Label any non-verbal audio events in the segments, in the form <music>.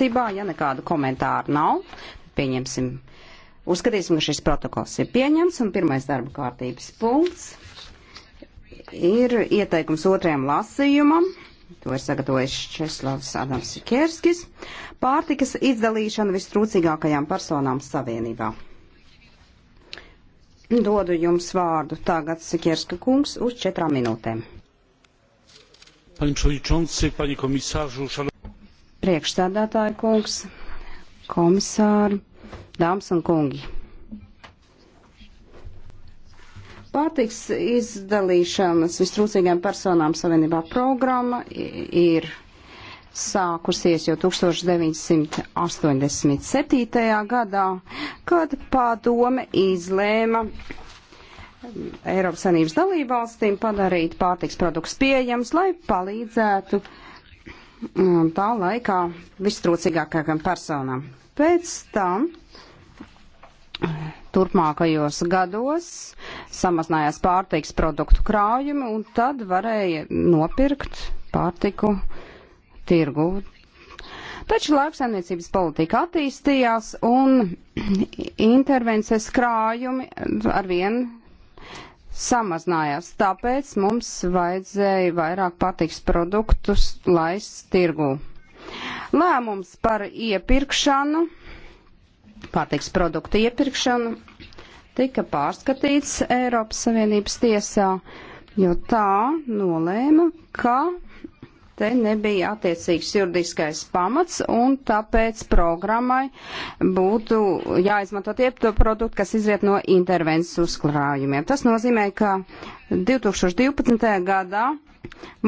Cībā, ja nekādu komentāru nav, pieņemsim, uzskatīsim, ka šis protokols ir pieņemts un pirmais darba kārtības punkts ir ieteikums otrajam lasījumam. To ir sagatavojis Česlavs Adams Sikerskis. Pārtikas izdalīšana vistrūcīgākajām personām savienībā. Dodu jums vārdu tagad Sikerska kungs uz četrām minūtēm. Pani Przewodniczący, Pani Komisārzu, šal priekšstādātāja kungs, komisāri, dāmas un kungi. Pārtiks izdalīšanas vistrūcīgām personām savienībā programma ir sākusies jau 1987. gadā, kad padome izlēma Eiropas Sanības dalībvalstīm padarīt pārtiks produktus pieejams, lai palīdzētu uh, Mm, tā laikā vistrūcīgākajām personām. Pēc tam turpmākajos gados samazinājās pārtiks produktu krājumi un tad varēja nopirkt pārtiku tirgu. Taču lauksaimniecības politika attīstījās un <clears throat> intervences krājumi arvien samazinājās. Tāpēc mums vajadzēja vairāk patiks produktus laist tirgū. Lēmums par iepirkšanu, patiks produktu iepirkšanu, tika pārskatīts Eiropas Savienības tiesā, jo tā nolēma, ka te nebija attiecīgs juridiskais pamats, un tāpēc programmai būtu jāizmanto tie produkti, kas izriet no intervences uzkrājumiem. Tas nozīmē, ka 2012. gadā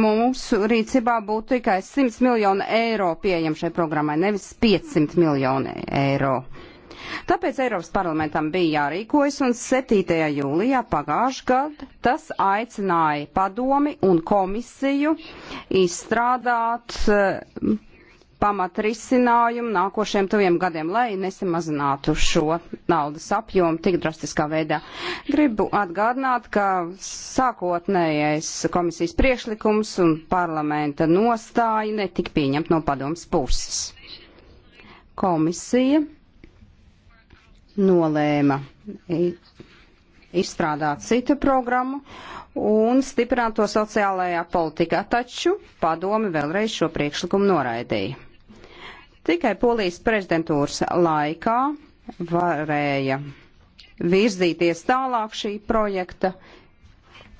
mūsu rīcībā būtu tikai 100 miljonu eiro pieejam šai programmai, nevis 500 miljonu eiro. Tāpēc Eiropas parlamentam bija jārīkojas un 7. jūlijā pagājušajā gadā tas aicināja padomi un komisiju izstrādāt eh, pamatrisinājumu nākošiem tuviem gadiem, lai nesamazinātu šo naudas apjomu tik drastiskā veidā. Gribu atgādināt, ka sākotnējais komisijas priekšlikums un parlamenta nostāja netika pieņemt no padomas puses. Komisija nolēma izstrādāt citu programmu un stiprināt to sociālajā politikā, taču padomi vēlreiz šo priekšlikumu noraidīja. Tikai polijas prezidentūras laikā varēja virzīties tālāk šī projekta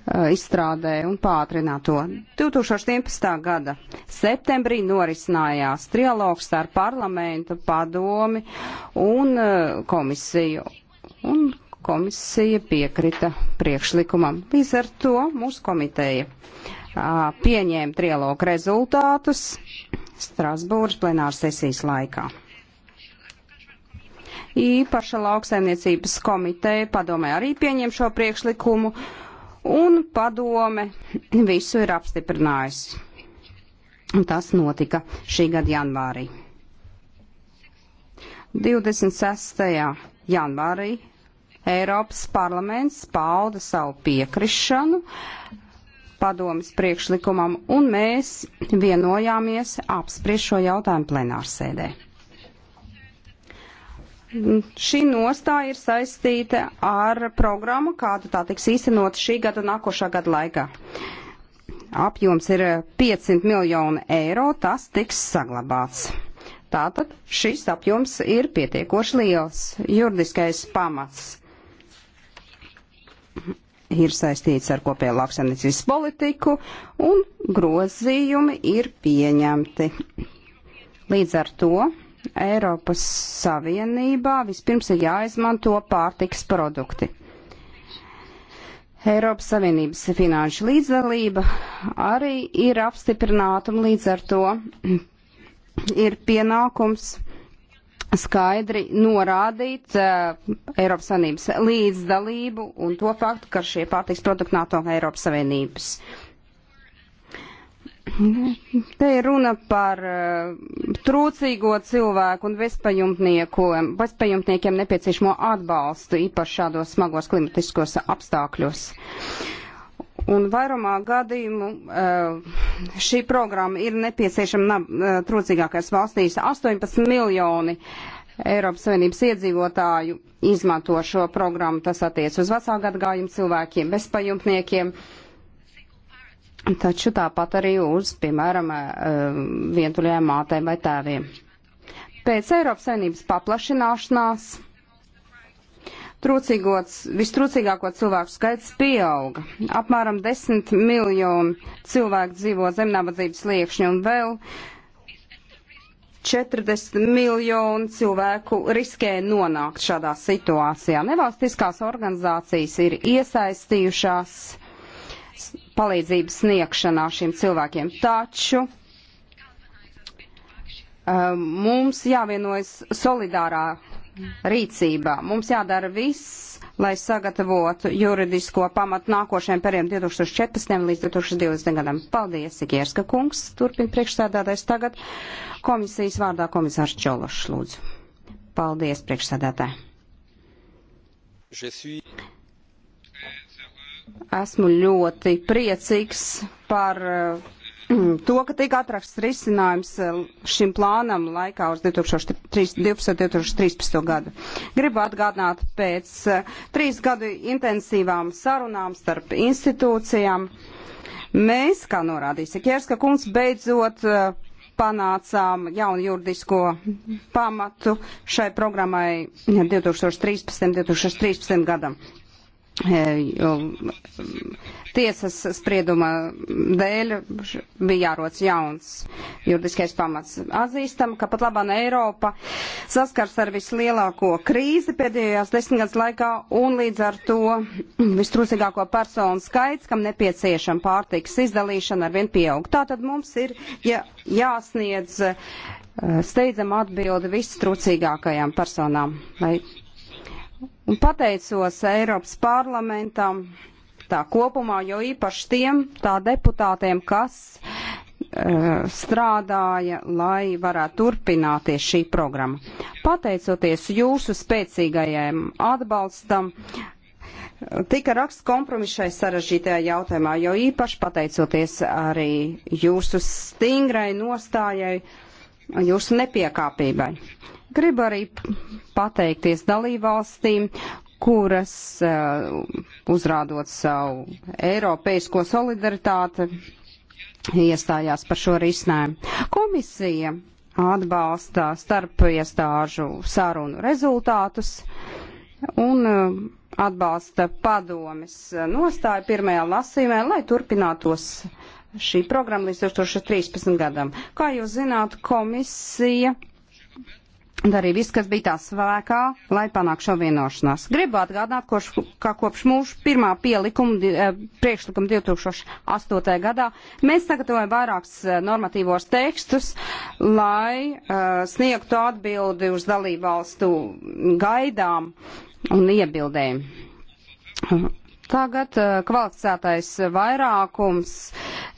Uh, izstrādē un pātrināt to. 2011. gada septembrī norisinājās trialogs ar parlamentu, padomi un uh, komisiju. Un komisija piekrita priekšlikumam. Līdz ar to mūsu komiteja uh, pieņēma trialogu rezultātus Strasbūras plenāras sesijas laikā. Īpaša lauksaimniecības komiteja padomē arī pieņem šo priekšlikumu un padome visu ir apstiprinājusi. Tas notika šī gada janvārī. 26. janvārī Eiropas parlaments pauda savu piekrišanu padomas priekšlikumam, un mēs vienojāmies apspriest šo jautājumu plenārsēdē šī nostāja ir saistīta ar programmu, kādu tā tiks īstenot šī gada un nākošā gada laikā. Apjoms ir 500 miljonu eiro, tas tiks saglabāts. Tātad šis apjoms ir pietiekoši liels. Juridiskais pamats ir saistīts ar kopēju lauksaimniecības politiku un grozījumi ir pieņemti. Līdz ar to Eiropas Savienībā vispirms ir jāizmanto pārtiks produkti. Eiropas Savienības finanšu līdzdalība arī ir apstiprināta un līdz ar to ir pienākums skaidri norādīt uh, Eiropas Savienības līdzdalību un to faktu, ka šie pārtiks produkti nāk no Eiropas Savienības. Uh, Te ir runa par uh, trūcīgo cilvēku un bezpajumtniekiem nepieciešamo atbalstu, īpaši šādos smagos klimatiskos apstākļos. Un vairumā gadījumu uh, šī programma ir nepieciešama uh, eh, trūcīgākais valstīs. 18 miljoni Eiropas Savienības iedzīvotāju izmanto šo programmu. Tas attiec uz vecāku gadgājumu cilvēkiem, bezpajumtniekiem. Uh, Taču tāpat arī uz, piemēram, eh, vientuļajām mātēm vai tēviem. Pēc Eiropas Savienības paplašināšanās vistrūcīgāko cilvēku skaits pieauga. Apmēram 10 miljonu cilvēku dzīvo zem nabadzības liekšņa un vēl 40 miljonu cilvēku riskē nonākt šādā situācijā. Nevalstiskās organizācijas ir iesaistījušās palīdzības sniegšanā šiem cilvēkiem. Taču um, mums jāvienojas solidārā rīcībā. Mums jādara viss, lai sagatavotu juridisko pamatu nākošajam periodam 2014. līdz 2020. gadam. Paldies, Ikierska kungs, turpina priekšsēdētājs tagad. Komisijas vārdā komisārs Čološs, lūdzu. Paldies, priekšsēdētāji. Esmu ļoti priecīgs par eh, <clears throat> to, ka tika atrasts risinājums eh, šim plānam laikā uz 2012-2013 gadu. Gribu atgādināt pēc eh, trīs gadu intensīvām sarunām starp institūcijām. Mēs, kā norādīja Kierska kungs, beidzot panācām jaunu juridisko pamatu šai programmai 2013-2013 gadam jo tiesas sprieduma dēļ bija jāroc jauns juridiskais pamats. Atzīstam, ka pat labāk Eiropa saskars ar vislielāko krīzi pēdējās desmitgadus laikā un līdz ar to vistrūcīgāko personu skaits, kam nepieciešama pārtiks izdalīšana ar vien pieaug. Tātad mums ir jā, jāsniedz eh, steidzam atbildi vistrūcīgākajām personām, lai Un pateicos Eiropas parlamentam tā kopumā, jo īpaši tiem tā deputātiem, kas uh, strādāja, lai varētu turpināties šī programma. Pateicoties jūsu spēcīgajiem atbalstam, tika raksts kompromiss šai sarežģītajā jautājumā, jo īpaši pateicoties arī jūsu stingrai nostājai, jūsu nepiekāpībai. Gribu arī pateikties dalībvalstīm, kuras uh, uzrādot savu eiropeisko solidaritāti iestājās par šo risinājumu. Komisija atbalsta starp iestāžu sarunu rezultātus un uh, atbalsta padomis nostāju pirmajā lasīmē, lai turpinātos šī programma līdz 2013. gadam. Kā jūs zināt, komisija darīja viss, kas bija tā svēkā, lai panāktu šo vienošanās. Gribu atgādināt, koš, ka kopš mūsu pirmā pielikuma, eh, priekšlikuma 2008. gadā, mēs sagatavojam vairākus eh, normatīvos tekstus, lai uh, sniegtu atbildi uz dalībvalstu gaidām un iebildēm. Tagad uh, kvalificētais vairākums.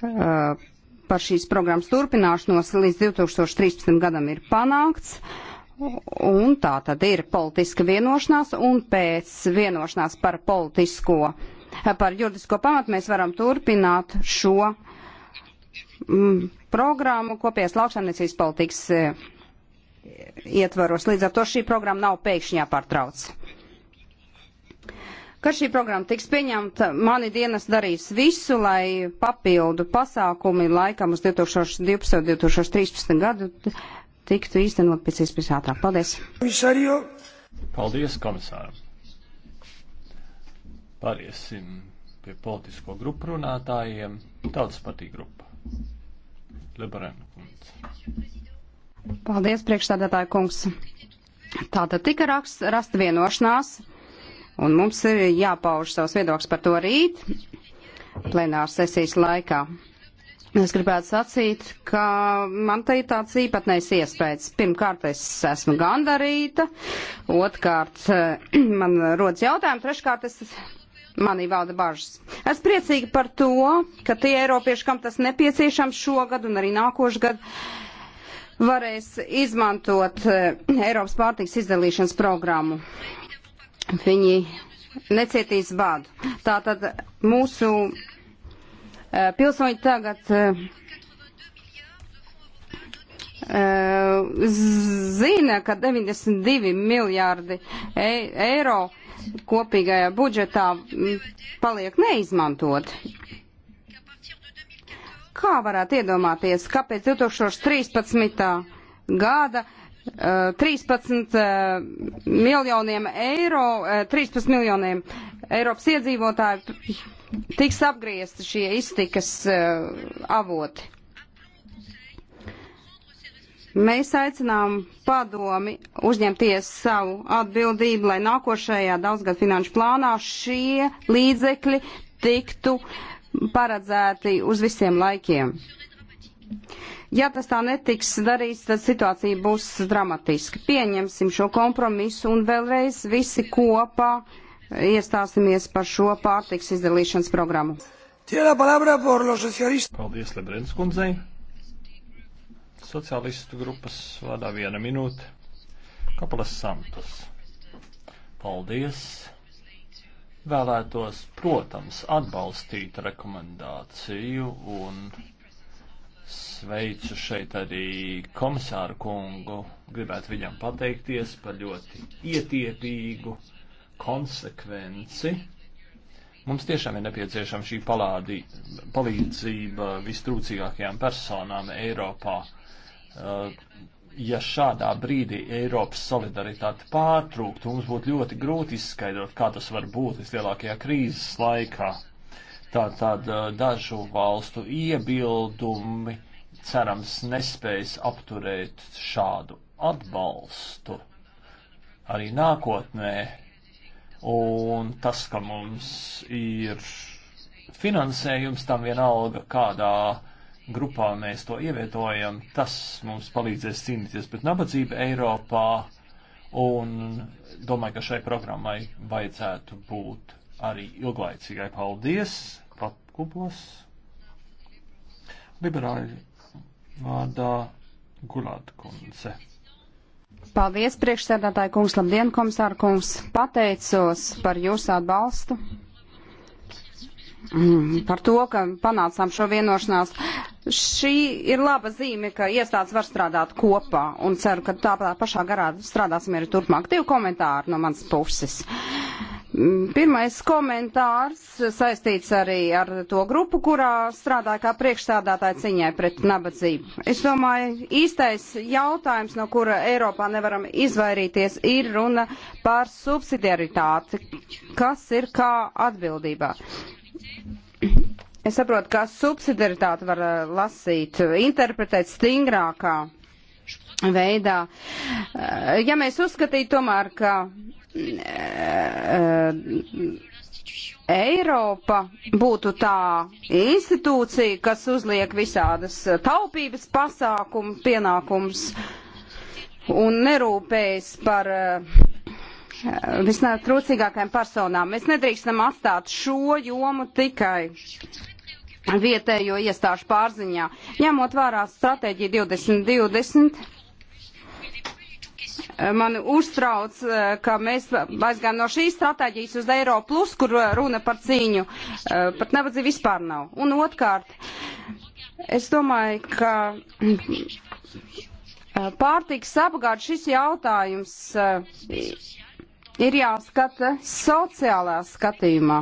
Uh, par šīs programmas turpināšanos līdz 2013. gadam ir panākts. Uh, Un tā tad ir politiska vienošanās, un pēc vienošanās par politisko, par juridisko pamatu mēs varam turpināt šo m, mm, programmu kopējas lauksaimniecības politikas e, ietvaros. Līdz ar to šī programma nav pēkšņi jāpārtrauc. Kad šī programma tiks pieņemta, mani dienas darīs visu, lai papildu pasākumi laikam uz 2012. un 2013. gadu tiktu īstenot pēc iespējas ātrāk. Paldies! Komisārio. Paldies, komisāram! Pāriesim pie politisko grupu runātājiem. Tautas partija grupa. Liberēna kundze. Paldies, priekšstādātāja kungs. Tātad tika rakst, rasta vienošanās, un mums ir jāpauž savs viedoklis par to rīt plenāras sesijas laikā. Es gribētu sacīt, ka man te ir tāds īpatnējs iespējas. Pirmkārt, es esmu gandarīta, otrkārt, <clears throat> man rodas jautājumi, treškārt, es manī valda bažas. Es priecīgi par to, ka tie eiropieši, kam tas nepieciešams šogad un arī nākošgad, varēs izmantot eh, Eiropas pārtiks izdalīšanas programmu. Viņi necietīs bādu. Tātad mūsu Eh, pilsoņi tagad eh, zina, ka 92 miljārdi e eiro kopīgajā budžetā mm, paliek neizmantot. Kā varētu iedomāties, kāpēc 2013. gada 13 eh, miljoniem eiro, 13 miljoniem Eiropas iedzīvotāju tiks apgriezti šie iztikas uh, avoti. Mēs aicinām padomi uzņemties savu atbildību, lai nākošajā daudzgad finanšu plānā šie līdzekļi tiktu paredzēti uz visiem laikiem. Ja tas tā netiks darīts, tad situācija būs dramatiska. Pieņemsim šo kompromisu un vēlreiz visi kopā uh, iestāsimies par šo pārtiks izdalīšanas programmu. Paldies, Lebrens kundzei. Socialistu grupas vārdā viena minūte. Kapelas Santos. Paldies. Vēlētos, protams, atbalstīt rekomendāciju un sveicu šeit arī komisāru kungu. Gribētu viņam pateikties par ļoti ietiepīgu konsekvenci. Mums tiešām ir nepieciešama šī palādi, palīdzība vistrūcīgākajām personām Eiropā. Eh, ja šādā brīdī Eiropas solidaritāte pārtrūktu, mums būtu ļoti grūti izskaidrot, kā tas var būt vislielākajā krīzes laikā. Tātad eh, dažu valstu iebildumi cerams nespējas apturēt šādu atbalstu. Arī nākotnē Un tas, ka mums ir finansējums tam vienalga, kādā grupā mēs to ievietojam, tas mums palīdzēs cīnīties pret nabadzību Eiropā. Un domāju, ka šai programmai vajadzētu būt arī ilglaicīgai. Paldies, Patkuplas. Liberāļi vārdā Gulāta kundze. Paldies, priekšsēdētāji kungs, labdien, komisāra kungs. Pateicos par jūsu atbalstu, mm, par to, ka panācām šo vienošanās. Šī ir laba zīme, ka iestādes var strādāt kopā un ceru, ka tādā pašā garā strādāsim arī turpmāk. Divi komentāri no manas puses. Uh, Pirmais komentārs saistīts arī ar to grupu, kurā strādāja kā priekšstādātāja ciņai pret nabadzību. Es domāju, īstais jautājums, no kura Eiropā nevaram izvairīties, ir runa par subsidiaritāti. Kas ir kā atbildībā? Es saprotu, ka subsidiaritāti var eh, lasīt, interpretēt stingrākā veidā. Eh, ja mēs uzskatītu tomēr, ka E, Eiropa būtu tā institūcija, kas uzliek visādas taupības pasākumu pienākums un nerūpējas par e, visnētrūcīgākajām personām. Mēs nedrīkstam atstāt šo jomu tikai vietējo iestāžu pārziņā. Ņemot vērā stratēģiju 2020 Mani uztrauc, eh, ka mēs aizgājām no šīs stratēģijas uz Eiro plus, kur eh, runa par cīņu, eh, pat nevadzību vispār nav. Un otrkārt, es domāju, ka pārtiks apgād šis jautājums ir jāskata sociālā skatījumā.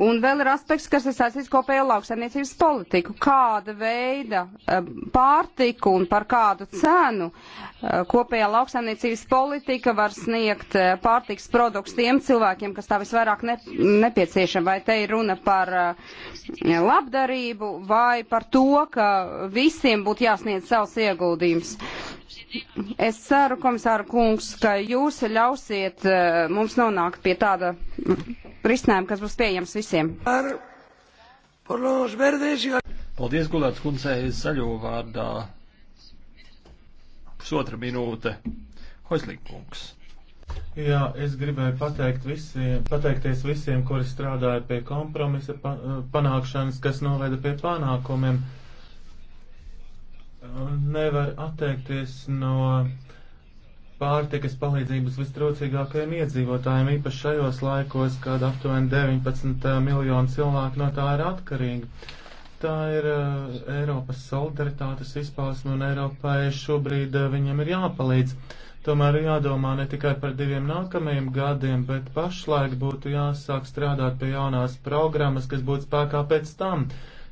Un vēl ir aspekts, kas ir saistīts kopējo lauksaimniecības politiku. Kāda veida eh, pārtiku un par kādu cenu eh, kopējā lauksaimniecības politika var sniegt eh, pārtiks produkts tiem cilvēkiem, kas tā visvairāk ne, nepieciešama. Vai te ir runa par labdarību vai par to, ka visiem būtu jāsniedz savs ieguldījums. Es ceru, komisāra kungs, ka jūs ļausiet mums nonākt pie tāda risinājumu, kas būs pieejams visiem. Paldies, Gulēts kundzei, zaļo vārdā. Pusotra minūte. Hoizlīkungs. Jā, es gribēju pateikt visiem, pateikties visiem, kuri strādāja pie kompromisa pa, eh, panākšanas, kas noveda pie panākumiem. Nevar atteikties no pārtikas palīdzības vistrūcīgākajiem iedzīvotājiem, īpaši šajos laikos, kad aptuveni 19 eh, miljonu cilvēku no tā ir atkarīgi. Tā ir uh, Eiropas solidaritātes izpausme, un Eiropai šobrīd uh, viņiem ir jāpalīdz. Tomēr jādomā ne tikai par diviem nākamajiem gadiem, bet pašlaik būtu jāsāk strādāt pie jaunās programmas, kas būtu spēkā pēc tam,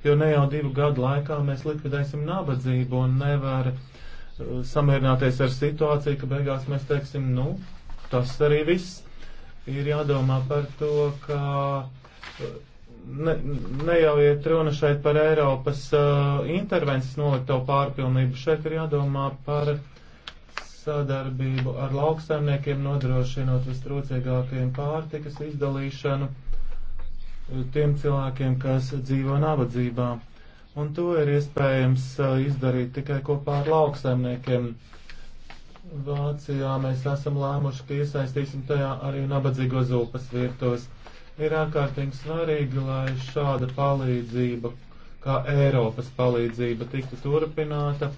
jo ne jau divu gadu laikā mēs likvidēsim nabadzību un nevaram samierināties ar situāciju, ka beigās mēs teiksim, nu, tas arī viss. Ir jādomā par to, ka ne, ne jau iet runa šeit par Eiropas uh, intervences nolikto pārpilnību, šeit ir jādomā par sadarbību ar lauksaimniekiem, nodrošinot vistrūcīgākajiem pārtikas izdalīšanu uh, tiem cilvēkiem, kas dzīvo nabadzībā un to ir iespējams uh, izdarīt tikai kopā ar lauksaimniekiem. Vācijā mēs esam lēmuši, ka iesaistīsim tajā arī nabadzīgo zulpas virtos. Ir ārkārtīgi svarīgi, lai šāda palīdzība, kā Eiropas palīdzība, tiktu turpināta,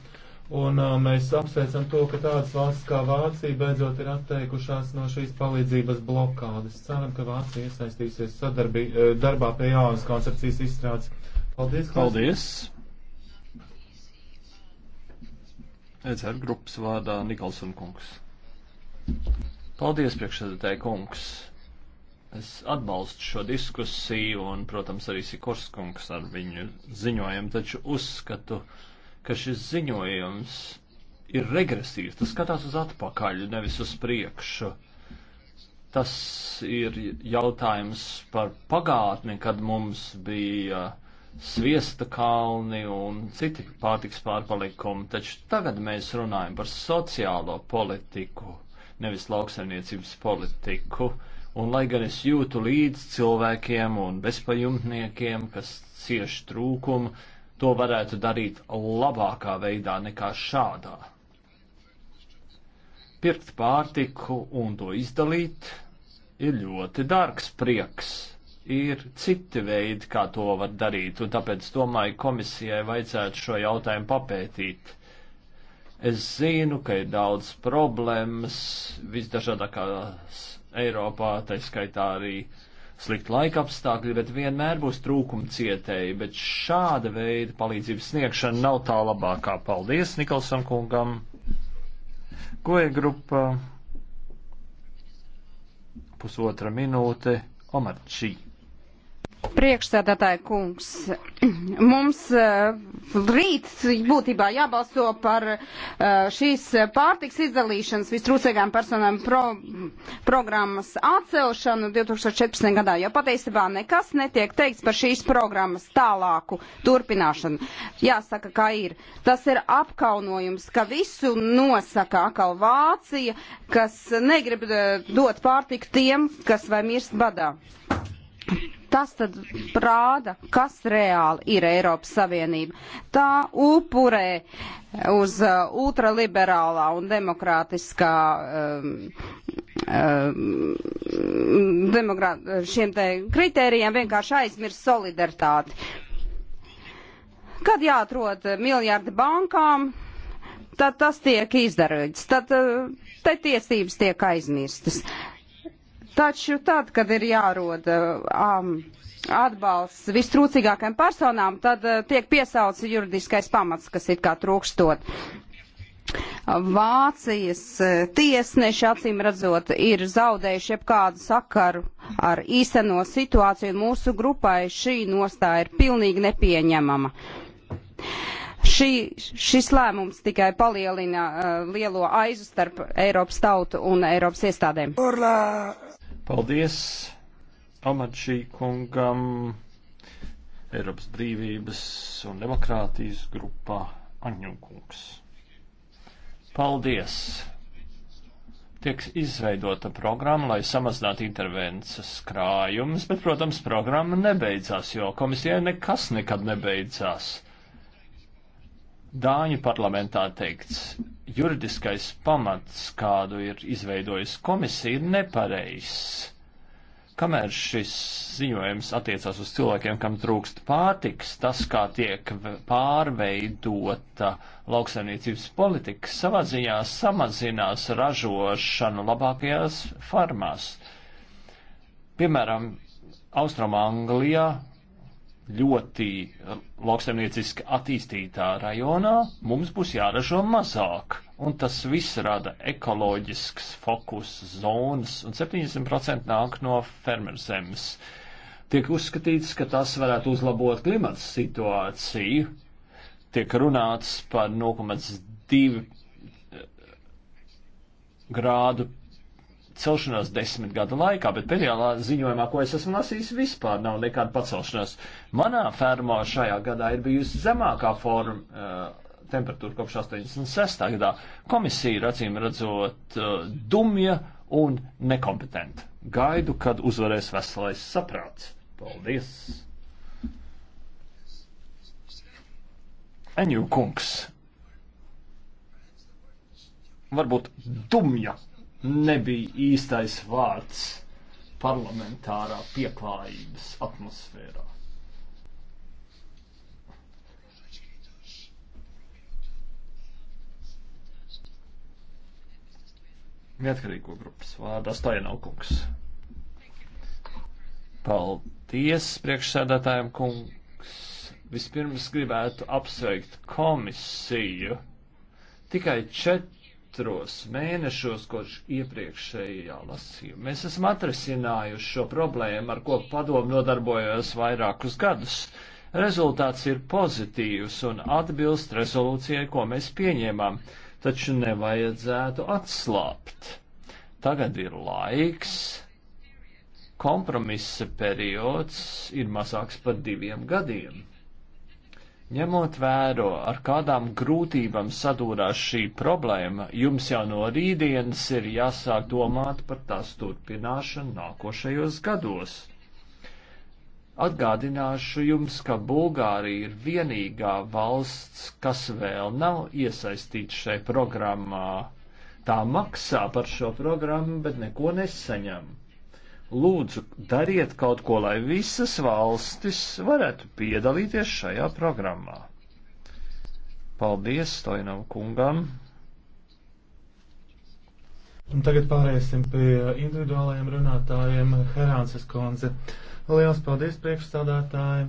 un uh, mēs apsveicam to, ka tādas valsts kā Vācija beidzot ir atteikušās no šīs palīdzības blokādes. Ceram, ka Vācija iesaistīsies sadarbī, uh, darbā pie jaunas koncepcijas izstrādes. Paldies! Paldies. ECR grupas vārdā Nikolson kungs. Paldies, priekšsēdētāji kungs. Es atbalstu šo diskusiju un, protams, arī Sikors kungs ar viņu ziņojumu, taču uzskatu, ka šis ziņojums ir regresīvs. Tas skatās uz atpakaļ, nevis uz priekšu. Tas ir jautājums par pagātni, kad mums bija uh, sviesta kalni un citi pārtiks pārpalikumi, taču tagad mēs runājam par sociālo politiku, nevis lauksaimniecības politiku. Un lai gan es jūtu līdz cilvēkiem un bezpajumtniekiem, kas cieši trūkumu, to varētu darīt labākā veidā nekā šādā. Pirkt pārtiku un to izdalīt ir ļoti dārgs prieks ir citi veidi, kā to var darīt, un tāpēc domāju, komisijai vajadzētu šo jautājumu papētīt. Es zinu, ka ir daudz problēmas visdažādākās Eiropā, tā skaitā arī slikti laika apstākļi, bet vienmēr būs trūkuma cietēji, bet šāda veida palīdzības sniegšana nav tā labākā. Paldies Nikolson kungam. Goja grupa pusotra minūte Omarčī. Priekšsēdētāji kungs, <clears throat> mums eh, rīt būtībā jābalso par eh, šīs pārtiks izdalīšanas vistrūcīgām personām pro, programmas atcelšanu 2014. gadā, jo patiesībā nekas netiek teikts par šīs programmas tālāku turpināšanu. Jāsaka, kā ir. Tas ir apkaunojums, ka visu nosaka atkal Vācija, kas negrib eh, dot pārtiku tiem, kas vai mirst badā Tas tad prāda, kas reāli ir Eiropas Savienība. Tā upurē uz uh, ultraliberālā un demokrātiskā um, um, demokrāt, šiem te kritērijiem vienkārši aizmirst solidaritāti. Kad jāatrod miljardi bankām, tad tas tiek izdarīts, tad uh, te tiesības tiek aizmirstas. Taču tad, kad ir jārod um, atbalsts vistrūcīgākajām personām, tad uh, tiek piesauts juridiskais pamats, kas it kā trūkstot. Vācijas uh, tiesneši acīm redzot ir zaudējuši jebkādu sakaru ar īsteno situāciju, un mūsu grupai šī nostāja ir pilnīgi nepieņemama. Šī, šis lēmums tikai palielina uh, lielo aizu starp Eiropas tautu un Eiropas iestādēm. Orla. Paldies Amadžī kungam Eiropas brīvības un demokrātijas grupā Aņunkungs. Paldies! tiek izveidota programma, lai samazinātu intervences krājumus, bet, protams, programma nebeidzās, jo komisijai nekas nekad nebeidzās. Dāņu parlamentā teikts, juridiskais pamats, kādu ir izveidojis komisija, ir nepareizs. Kamēr šis ziņojums attiecās uz cilvēkiem, kam trūkst pārtiks, tas, kā tiek pārveidota lauksaimniecības politika, savā ziņā samazinās ražošanu labākajās farmās. Piemēram, Austrumānglijā ļoti eh, lauksaimnieciski attīstītā rajonā mums būs jāražo mazāk, un tas viss rada ekoloģisks fokus zonas, un 70% nāk no fermerzemes. Tiek uzskatīts, ka tas varētu uzlabot klimata situāciju, tiek runāts par 0,2 eh, grādu celšanās desmit gadu laikā, bet pēdējā ziņojumā, ko es esmu lasījis, vispār nav nekāda pacelšanās. Manā fermā šajā gadā ir bijusi zemākā forma uh, temperatūra kopš 86. gadā. Komisija ir acīm redzot uh, dumja un nekompetenta. Gaidu, kad uzvarēs veselais saprāts. Paldies! Enju kungs. Varbūt dumja nebija īstais vārds parlamentārā pieklājības atmosfērā. Neatkarīgo grupas vārdā Stajanov kungs. Paldies priekšsēdētājiem kungs. Vispirms gribētu apsveikt komisiju. Tikai četri četros mēnešos, kopš iepriekšējā lasījuma, mēs esam atrisinājuši šo problēmu, ar ko padomu nodarbojas vairākus gadus. Rezultāts ir pozitīvs un atbilst rezolūcijai, ko mēs pieņēmām, taču nevajadzētu atslāpt. Tagad ir laiks kompromisa periods ir mazāks par diviem gadiem. Ņemot vēro, ar kādām grūtībām sadūrās šī problēma, jums jau no rītdienas ir jāsāk domāt par tās turpināšanu nākošajos gados. Atgādināšu jums, ka Bulgārija ir vienīgā valsts, kas vēl nav iesaistīta šai programmā. Tā maksā par šo programmu, bet neko nesaņem. Lūdzu, dariet kaut ko, lai visas valstis varētu piedalīties šajā programmā. Paldies Stoinam kungam! Un tagad pāriesim pie individuālajiem runātājiem. Herānces konze. Liels paldies priekšstādātāji!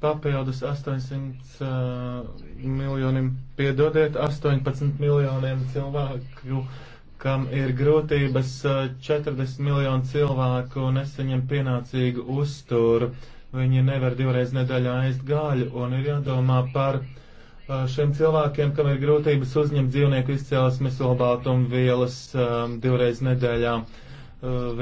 Papildus 800 uh, miljoniem, piedodiet, 18 miljoniem cilvēku kam ir grūtības 40 miljonu cilvēku nesaņem pienācīgu uzturu. Viņi nevar divreiz nedēļā ēst gaļu un ir jādomā par šiem cilvēkiem, kam ir grūtības uzņemt dzīvnieku izcēlesmes olbaltumu vielas divreiz nedēļā.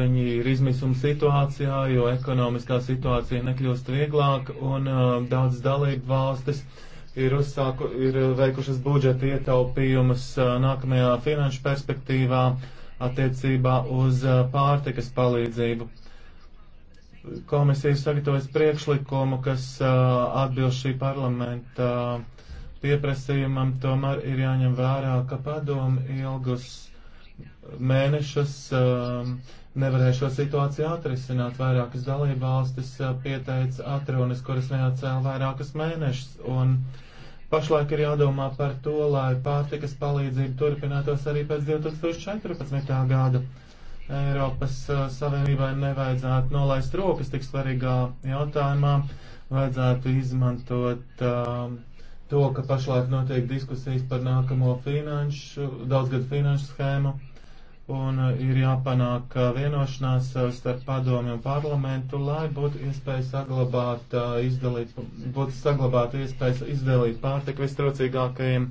Viņi ir izmisuma situācijā, jo ekonomiskā situācija nekļūst vieglāk un daudz dalību valstis. Uh, ir, uzsāku, ir eh, veikušas budžeta ietaupījumus eh, nākamajā finanšu perspektīvā attiecībā uz eh, pārtikas palīdzību. Komisija sagatavojas priekšlikumu, kas atbilst šī parlamenta pieprasījumam, tomēr ir jāņem vērā, ka padomu ilgus mēnešus nevarēja šo situāciju atrisināt. Vairākas dalībvalstis pieteica atrunas, kuras neatcēla vairākus mēnešus. Un, uh, Pašlaik ir jādomā par to, lai pārtikas palīdzība turpinātos arī pēc 2014. gada. Eiropas uh, Savienībai nevajadzētu nolaist rokas tik svarīgā jautājumā, vajadzētu izmantot uh, to, ka pašlaik notiek diskusijas par nākamo finanšu, daudzgadu finanšu schēmu un uh, ir jāpanāk uh, vienošanās uh, starp padomi un parlamentu, lai būtu iespēja saglabāt, izdalīt, būtu saglabāt iespējas izdalīt pārtiku vistrocīgākajiem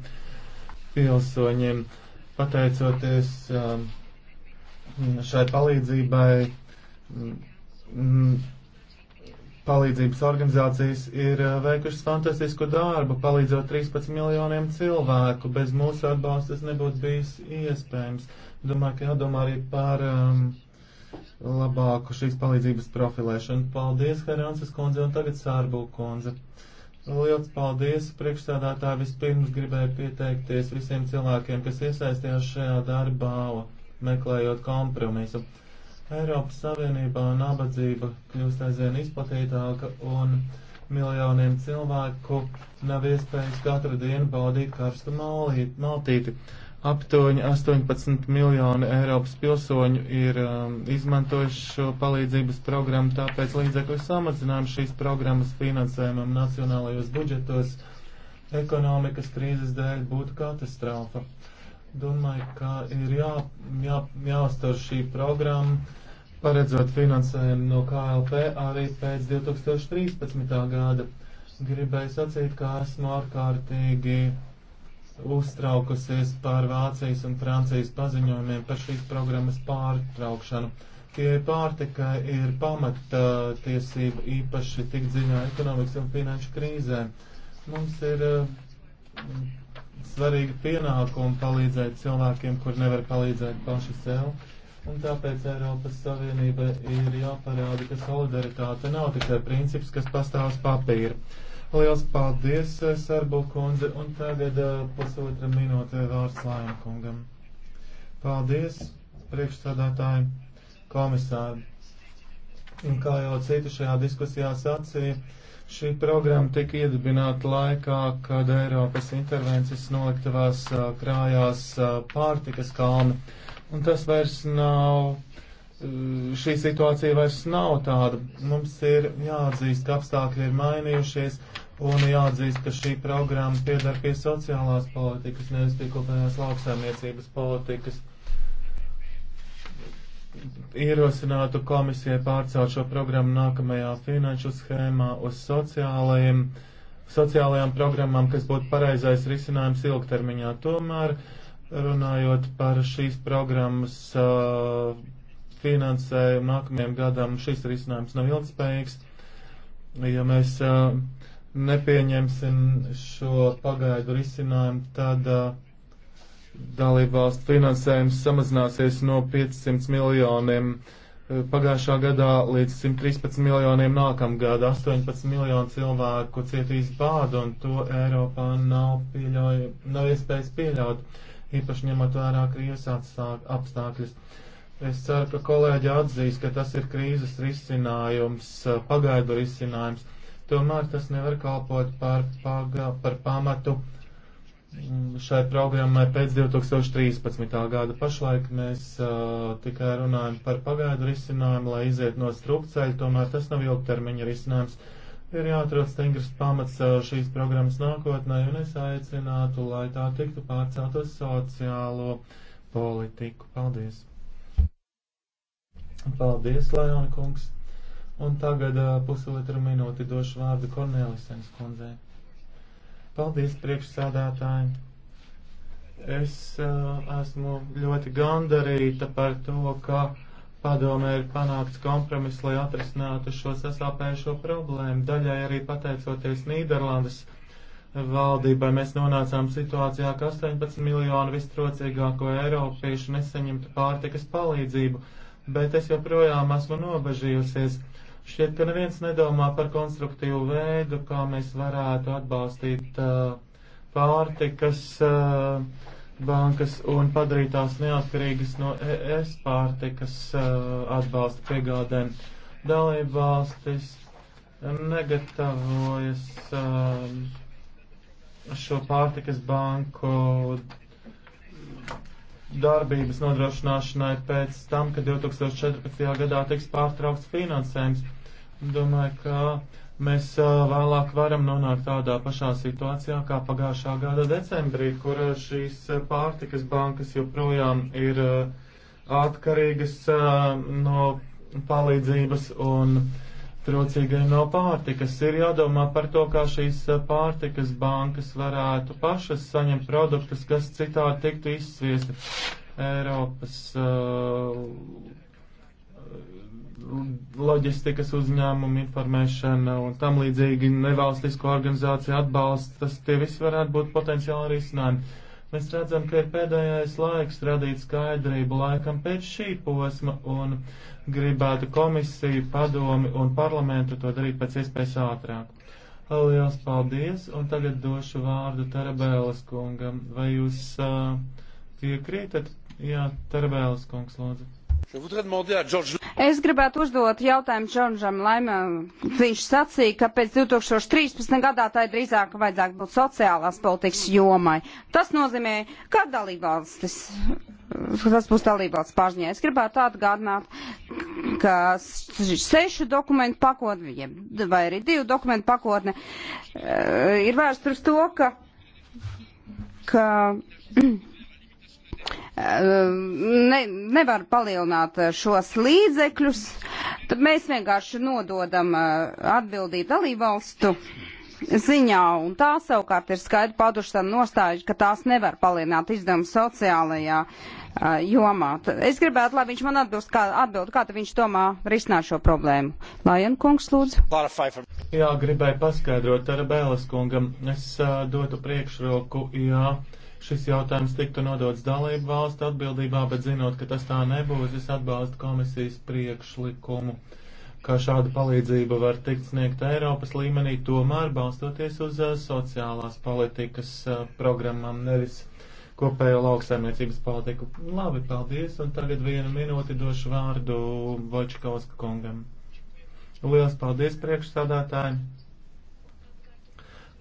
pilsoņiem. Pateicoties um, šai palīdzībai, palīdzības organizācijas ir veikušas fantastisku darbu, palīdzot 13 miljoniem cilvēku. Bez mūsu atbalsta tas nebūtu bijis iespējams Domāju, ka jādomā arī par um, labāku šīs palīdzības profilēšanu. Paldies, Herānces kundze, un tagad Sārbū kundze. Liels paldies, priekšstādātāji. Vispirms gribēju pieteikties visiem cilvēkiem, kas iesaistījās šajā darbā, meklējot kompromisu. Eiropas Savienībā nabadzība kļūst aizvien izplatītāka un miljoniem cilvēku nav iespējas katru dienu baudīt karstu maltīti. Aptuveni 18 miljoni Eiropas pilsoņu ir um, izmantojuši šo palīdzības programmu, tāpēc līdzekļu samazinājums šīs programmas finansējumam nacionālajos budžetos ekonomikas krīzes dēļ būtu katastrofa. Domāju, ka ir jā, jā, jāuztur šī programma, paredzot finansējumu no KLP arī pēc 2013. gada. Gribēju sacīt, ka esmu ārkārtīgi uztraukusies par Vācijas un Francijas paziņojumiem par šīs programmas pārtraukšanu. Tie pārtika ir pamata tiesība īpaši tik dziļā ekonomikas un finanšu krīzē. Mums ir eh, svarīgi pienākumi palīdzēt cilvēkiem, kur nevar palīdzēt paši sev. Un tāpēc Eiropas Savienība ir jāparāda, ka solidaritāte nav tikai princips, kas pastāv uz papīra. Liels paldies, eh, Sarbo kundze, un tagad eh, pusotra minūte vārds Lājiem kungam. Paldies, priekšstādātāji, komisāri. Un kā jau citi šajā diskusijā sacīja, šī programma tika iedibināta laikā, kad Eiropas intervences noliktavās eh, krājās pārtikas kalni. Un tas vairs nav, šī situācija vairs nav tāda. Mums ir jāatzīst, ka apstākļi ir mainījušies, Un jāatzīst, ka šī programma piedar pie sociālās politikas, nevis pie kopējās lauksaimniecības politikas. Ierosinātu komisijai pārcelt šo programmu nākamajā finanšu schēmā uz sociālajiem, sociālajām programmām, kas būtu pareizais risinājums ilgtermiņā. Tomēr, runājot par šīs programmas uh, finansējumu nākamajam gadam, šis risinājums nav ilgspējīgs. Ja mēs uh, nepieņemsim šo pagaidu risinājumu, tad uh, dalībvalstu finansējums samazināsies no 500 miljoniem pagājušā gadā līdz 113 miljoniem nākamgad. 18 miljonu cilvēku cietīs bādu, un to Eiropā nav, pieļauj, nav iespējas pieļaut, īpaši ņemot vērā krīzes apstākļus. Es ceru, ka kolēģi atzīs, ka tas ir krīzes risinājums, pagaidu risinājums Tomēr tas nevar kalpot par, pagā, par pamatu šai programmai pēc 2013. gada. Pašlaik mēs uh, tikai runājam par pagaidu risinājumu, lai iziet no strupceļa, tomēr tas nav ilgtermiņa risinājums. Ir jāatrod stingrs pamats uh, šīs programmas nākotnē, un es aicinātu, lai tā tiktu pārcelt uz sociālo politiku. Paldies! Paldies, Lajona kungs! Un tagad pusotru minūti došu vārdu Kornelisens kundzei. Paldies, priekšsādātāji! Es uh, esmu ļoti gandarīta par to, ka padomē ir panākts kompromiss, lai atrisinātu šo sasāpējušo problēmu. Daļai arī pateicoties Nīderlandes valdībai, mēs nonācām situācijā, ka 18 miljonu vistrocīgāko eiropiešu nesaņemtu pārtikas palīdzību, bet es joprojām esmu nobežījusies. Uh, Šķiet, ka neviens nedomā par konstruktīvu veidu, kā mēs varētu atbalstīt uh, pārtikas uh, bankas un padarīt tās neatkarīgas no ES pārtikas uh, atbalsta piegādēm. Dalība valstis negatavojas uh, šo pārtikas banku darbības nodrošināšanai pēc tam, kad 2014. gadā tiks pārtraukts finansējums Domāju, ka mēs vēlāk varam nonākt tādā pašā situācijā kā pagājušā gada decembrī, kur šīs pārtikas bankas joprojām ir atkarīgas no palīdzības un trūcīgai no pārtikas. Ir jādomā par to, kā šīs pārtikas bankas varētu pašas saņemt produktus, kas citādi tiktu izsviesti. Eiropas uh, loģistikas uzņēmumu informēšana un tam līdzīgi nevalstisko organizāciju atbalsts, tas tie visi varētu būt potenciāli risinājumi. Mēs redzam, ka ir pēdējais laiks radīt skaidrību laikam pēc šī posma un gribētu komisiju, padomi un parlamentu to darīt pēc iespējas ātrāk. Lielas paldies, un tagad došu vārdu Tarabēlas kungam. Vai jūs uh, piekrītat? Jā, Tarabēlas kungs, lūdzu. Es gribētu uzdot jautājumu Džonžam Laimam. Viņš sacīja, ka pēc 2013. gadā tā ir drīzāk vajadzētu būt sociālās politikas jomai. Tas nozīmē, ka dalībvalstis, tas būs dalībvalsts pārziņā. Es gribētu atgādināt, ka sešu dokumentu pakotne, vai arī divu dokumentu pakotne, eh, ir vērsts uz to, ka, ka Ehm, ne, nevar palielināt eh, šos līdzekļus, tad mēs vienkārši nododam eh, atbildību dalībvalstu ziņā, un tā savukārt ir skaidri pauduši tam nostāju, ka tās nevar palielināt izdevumu sociālajā uh, jomā. Tad es gribētu, lai viņš man atbild, kā, atbild, kā viņš domā risināt šo problēmu. Lajan kungs, lūdzu. Jā, gribēju paskaidrot ar Bēles kungam. Es uh, dotu priekšroku, jā. Uh, šis jautājums tiktu nodots dalību valstu atbildībā, bet zinot, ka tas tā nebūs, es atbalstu komisijas priekšlikumu, ka šāda palīdzība var tikt sniegta Eiropas līmenī, tomēr balstoties uz uh, sociālās politikas uh, programmām, nevis kopējo lauksaimniecības politiku. Labi, paldies, un tagad vienu minūti došu vārdu Vočkauska kungam. Lielas paldies priekšsādātājiem!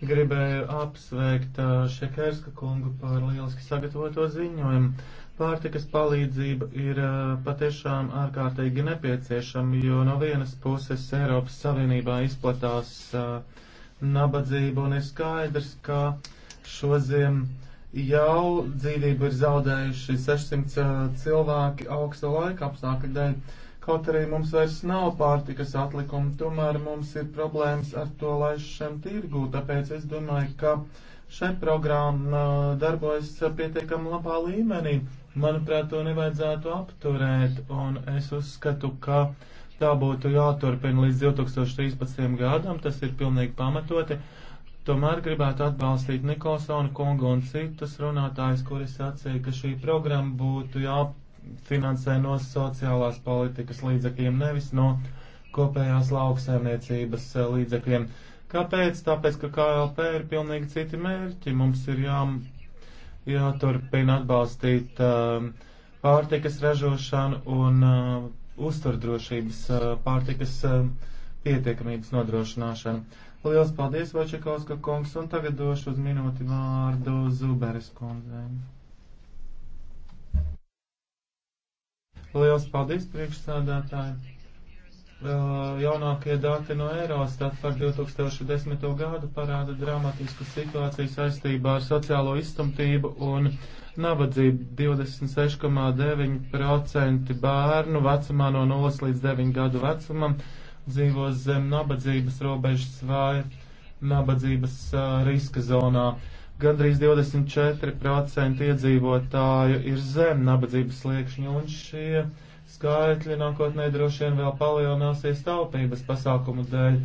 Gribēju apsveikt Šekerska kungu par lieliski sagatavoto ziņojumu. Pārtikas palīdzība ir patiešām ārkārtīgi nepieciešama, jo no vienas puses Eiropas Savienībā izplatās nabadzība un ir skaidrs, ka šoziem jau dzīvību ir zaudējuši 600 cilvēki augsta laika apstākļu dēļ. Kaut arī mums vairs nav pārtikas atlikuma, tomēr mums ir problēmas ar to laišanu tirgū, tāpēc es domāju, ka šai programma uh, darbojas pietiekam labā līmenī. Manuprāt, to nevajadzētu apturēt, un es uzskatu, ka tā būtu jāturpina līdz 2013. gadam, tas ir pilnīgi pamatoti. Tomēr gribētu atbalstīt Nikolsonu kungu un citus runātājus, kuri sacīja, ka šī programma būtu jāpārtikas finansē no sociālās politikas līdzekļiem, nevis no kopējās lauksaimniecības eh, līdzekļiem. Kāpēc? Tāpēc, ka KLP ir pilnīgi citi mērķi. Mums ir jā, jāturpina atbalstīt uh, pārtikas ražošanu un uh, uzturdrošības uh, pārtikas uh, pietiekamības nodrošināšanu. Lielas paldies, Vačekauska kungs, un tagad došu uz minūti vārdu Zuberes kundzei. Lielas paldies priekšsādātājiem! jaunākie dati no Eurostat par 2010. gadu parāda dramatisku situāciju saistībā ar sociālo izstumtību un nabadzību. 26,9% bērnu vecumā no 0 līdz 9 gadu vecumam dzīvo zem nabadzības robežas vai nabadzības uh, riska zonā. Uh, Gandrīz 24% iedzīvotāju ir zem nabadzības sliekšņa, un šie skaitļi nākotnē droši vien vēl palielināsies taupības pasākumu dēļ.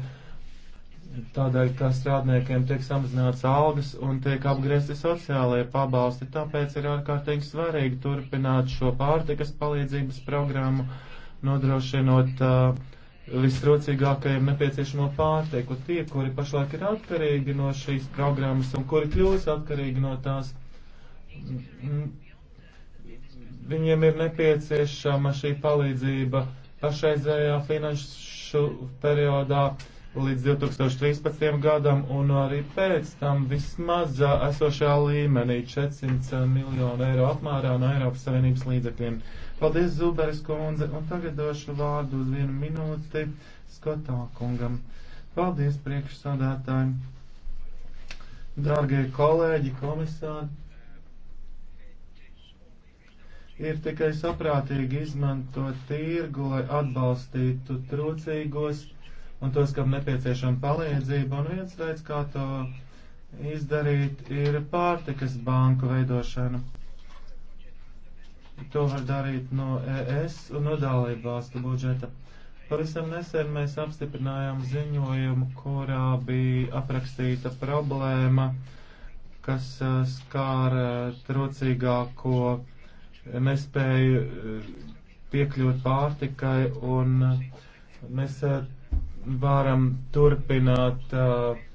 Tādēļ, ka strādniekiem tiek samazināts algas un tiek apgriezti sociālajie pabalsti, tāpēc ir ārkārtīgi svarīgi turpināt šo pārtikas palīdzības programmu, nodrošinot uh, visrocīgākajiem nepieciešamo pārteiku. Tie, kuri pašlaik ir atkarīgi no šīs programmas un kuri kļūs atkarīgi no tās, viņiem ir nepieciešama šī palīdzība pašreizējā finanšu periodā līdz 2013. gadam un arī pēc tam vismaz esošajā līmenī 400 miljonu eiro apmērā no Eiropas Savienības līdzekļiem. Paldies, Zuberes kundze, un tagad došu vārdu uz vienu minūti Skotā kungam. Paldies, priekšsādātājiem! Dārgie kolēģi, komisāri! Ir tikai saprātīgi izmantot tirgu, lai atbalstītu trūcīgos un tos, kam nepieciešama palīdzība, un viens veids, kā to izdarīt, ir pārtikas banku veidošana. To var darīt no ES un no dalībvalstu budžeta. Pavisam nesen mēs apstiprinājām ziņojumu, kurā bija aprakstīta problēma, kas uh, skāra uh, trocīgāko nespēju uh, piekļūt pārtikai, un mēs varam turpināt uh,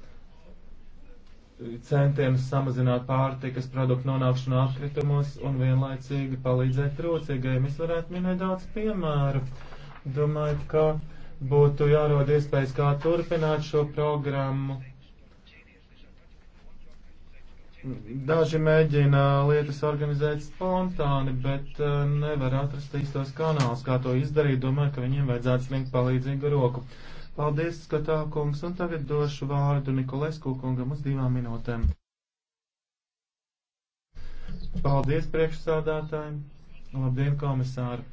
centienus samazināt pārtikas produktu nonākšanu atkritumos un vienlaicīgi palīdzēt trūcīgajiem. Es varētu minēt daudz piemēru. Domāju, ka būtu jārod iespējas, kā turpināt šo programmu. Daži mēģina lietas organizēt spontāni, bet uh, nevar atrast īstos kanālus, kā to izdarīt. Domāju, ka viņiem vajadzētu sniegt palīdzīgu roku. Uh, Paldies, skatā kungs, un tagad došu vārdu Nikolesku kungam uz divām minūtēm. Paldies priekšsādātājiem. Labdien, komisāri.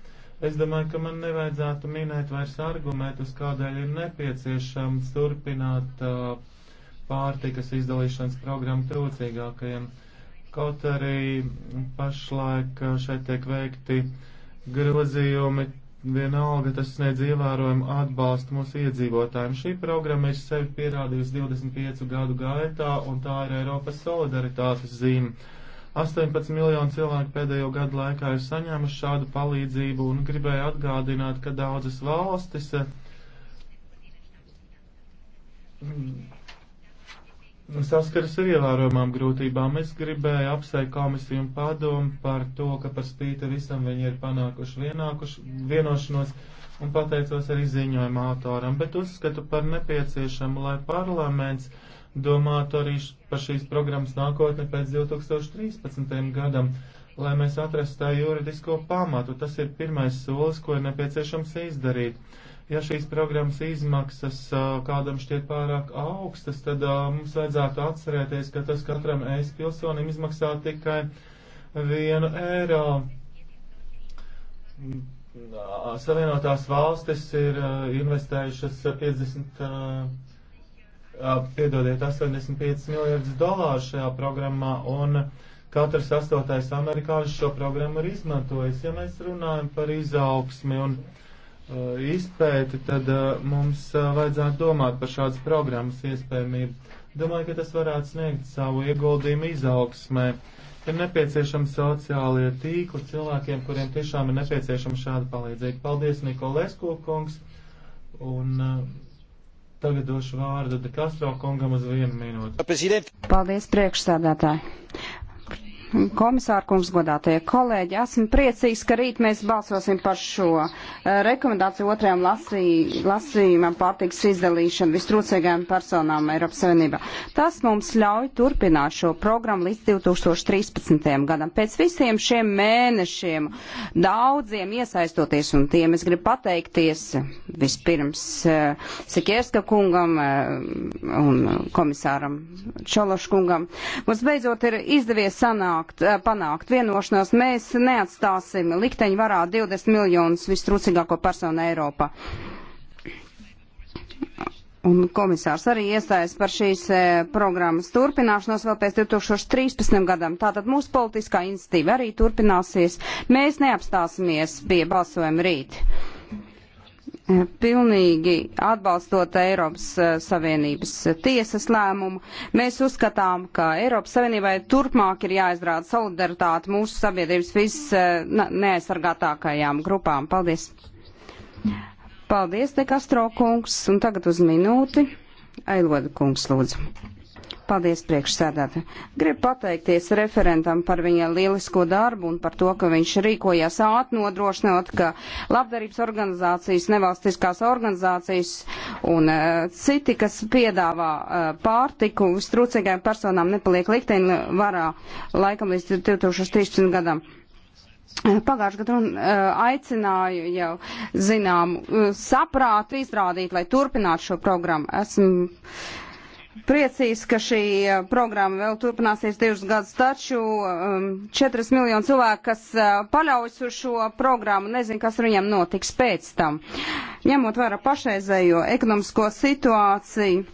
Es domāju, ka man nevajadzētu minēt vairs argumentus, kādēļ ir nepieciešams turpināt uh, pārtikas izdalīšanas programmu trūcīgākajiem. Kaut arī pašlaik uh, šeit tiek veikti grozījumi Vienalga tas sniedz ievērojumu atbalstu mūsu iedzīvotājiem. Šī programma ir sevi pierādījusi 25 gadu gaitā, un tā ir Eiropas solidaritātes zīme. 18 miljonu cilvēku pēdējo gadu laikā ir saņēmuši šādu palīdzību, un gribēju atgādināt, ka daudzas valstis saskaras ar ievērojamām grūtībām. Es gribēju apsveikt komisiju un padomu par to, ka par spīti visam viņi ir panākuši vienākuši, vienošanos un pateicos arī ziņojuma autoram, bet uzskatu par nepieciešamu, lai parlaments domātu arī par šīs programmas nākotni pēc 2013. gadam, lai mēs atrastu tā juridisko pamatu. Tas ir pirmais solis, ko ir nepieciešams izdarīt ja šīs programmas izmaksas uh, kādam šķiet pārāk augstas, tad uh, mums vajadzētu atcerēties, ka tas katram es pilsonim izmaksā tikai vienu eiro. Mm, uh, Savienotās valstis ir investējušas 50, piedodiet, 85 miljardus dolāru šajā programmā, un katrs astotais amerikānis šo programmu ir izmantojis. Ja mēs runājam par izaugsmi un. Uh, Uh, izpēti, tad uh, mums uh, vajadzētu domāt par šādas programmas iespējamību. Domāju, ka tas varētu sniegt savu ieguldījumu izaugsmē. Ir nepieciešami sociālie tīkli cilvēkiem, kuriem tiešām ir nepieciešama šāda palīdzība. Paldies, Nikolēsku kungs, un tagad došu vārdu De Castro kungam uz vienu minūti. Paldies, priekšstādātāji. Komisāra kungs, godātie kolēģi, esmu priecīgs, ka rīt mēs balsosim par šo eh, rekomendāciju otrajam lasī, lasījumam pārtiks izdalīšanu vistrūcīgajām personām Eiropas Savienībā. Tas mums ļauj turpināt šo programmu līdz 2013. gadam. Pēc visiem šiem mēnešiem daudziem iesaistoties un tiem es gribu pateikties vispirms eh, Sikierska kungam eh, un komisāram Čološkungam. Mums beidzot ir izdevies sanākt panākt, eh, panākt vienošanos. Mēs neatstāsim likteņu varā 20 miljonus vistrūcīgāko personu Eiropā. Un komisārs arī iestājas par šīs eh, programmas turpināšanos vēl pēc 2013. gadam. Tātad mūsu politiskā institīva arī turpināsies. Mēs neapstāsimies pie balsojuma rīt. Pilnīgi atbalstot Eiropas eh, Savienības eh, tiesas lēmumu, mēs uzskatām, ka Eiropas Savienībai turpmāk ir jāizrāda solidaritāte mūsu sabiedrības visneaizsargātākajām eh, grupām. Paldies! Paldies, Dekastro kungs, un tagad uz minūti Ailoda kungs lūdzu. Paldies, priekšsēdētāji. Gribu pateikties referentam par viņa lielisko darbu un par to, ka viņš rīkojās ātri nodrošinot, ka labdarības organizācijas, nevalstiskās organizācijas un uh, citi, kas piedāvā uh, pārtiku strucīgām personām, nepaliek likteņu varā laikam līdz 2013. gadam. E, pagājušajā gadā uh, aicināju jau zinām saprātu izrādīt, lai turpinātu šo programmu. Esmu priecīgs, ka šī eh, programma vēl turpināsies divus gadus, taču um, 4 miljonu cilvēku, kas uh, paļaujas uz šo programmu, nezin, kas ar viņiem notiks pēc tam. Ņemot vērā pašreizējo ekonomisko situāciju.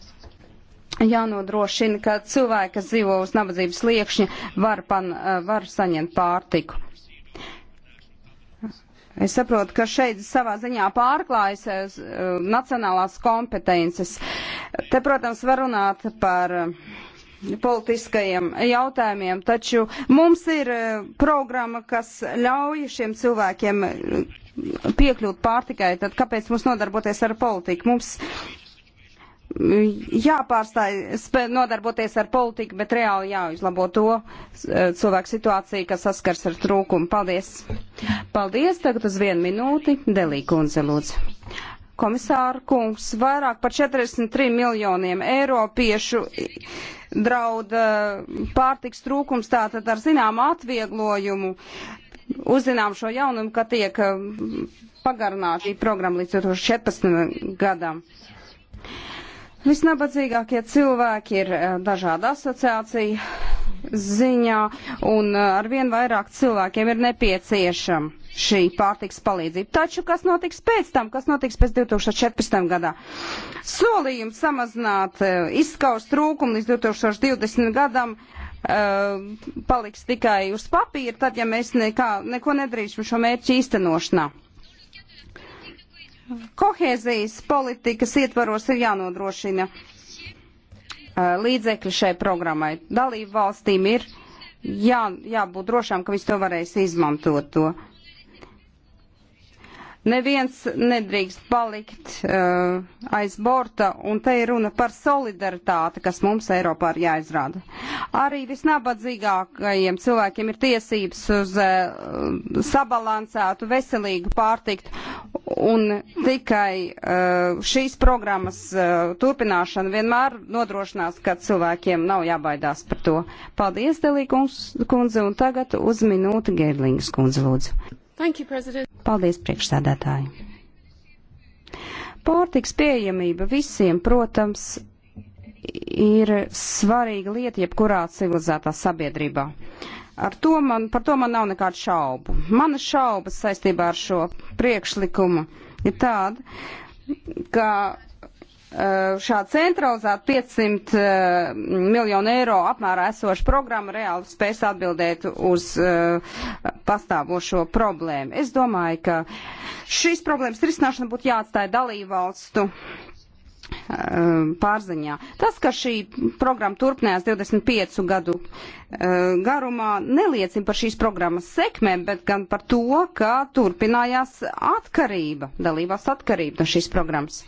Jānodrošina, ka cilvēki, kas dzīvo uz nabadzības liekšņa, var, pan, eh, var saņemt pārtiku. Es saprotu, ka šeit savā ziņā pārklājas eh, eh, nacionālās kompetences. Te, protams, var runāt par eh, politiskajiem jautājumiem, taču mums ir programma, kas ļauj šiem cilvēkiem piekļūt pārtikai, tad kāpēc mums nodarboties ar politiku? Mums jāpārstāj spēt nodarboties ar politiku, bet reāli jāuzlabo to e, cilvēku situāciju, kas saskars ar trūkumu. Paldies! Paldies! Tagad uz vienu minūti Delī kundze lūdzu. Komisāra kungs, vairāk par 43 miljoniem eiropiešu draud e, pārtiks trūkums, tātad ar zinām atvieglojumu uzzinām šo jaunumu, ka tiek e, pagarināta šī programma līdz 2014. gadam. Visnabadzīgākie cilvēki ir eh, dažāda asociācija ziņā, un eh, arvien vairāk cilvēkiem ir nepieciešama šī pārtiks palīdzība. Taču kas notiks pēc tam, kas notiks pēc 2014. gadā? Solījums samazināt eh, izskaust trūkumu līdz 2020. gadam paliks tikai uz papīra, tad, ja mēs nekā, neko nedarīsim šo mērķu īstenošanā kohēzijas politikas ietvaros ir jānodrošina uh, līdzekļi šai programmai. Dalību valstīm ir jā, jābūt drošām, ka viņi to varēs izmantot. To. Neviens nedrīkst palikt uh, aiz borta, un te ir runa par solidaritāti, kas mums Eiropā ir jāizrāda. Arī visnabadzīgākajiem cilvēkiem ir tiesības uz uh, sabalansētu, veselīgu pārtikt, un tikai uh, šīs programmas uh, turpināšana vienmēr nodrošinās, ka cilvēkiem nav jābaidās par to. Paldies, Delī kundze, un tagad uz minūti Gērlingas kundze lūdzu. You, Paldies, priekšsēdētāji. Pārtiks pieejamība visiem, protams, ir svarīga lieta jebkurā civilizētā sabiedrībā. Ar to man, par to man nav nekādu šaubu. Mana šaubas saistībā ar šo priekšlikumu ir tāda, ka Eh, šāda centralizēta 500 eh, miljonu eiro apmērā esoša programma reāli spēs atbildēt uz eh, pastāvošo problēmu. Es domāju, ka šīs problēmas risināšana būtu jāatstāja dalībvalstu pārziņā. Tas, ka šī programma turpinājās 25 gadu garumā, neliecina par šīs programmas sekmēm, bet gan par to, ka turpinājās atkarība, dalībās atkarība no šīs programmas.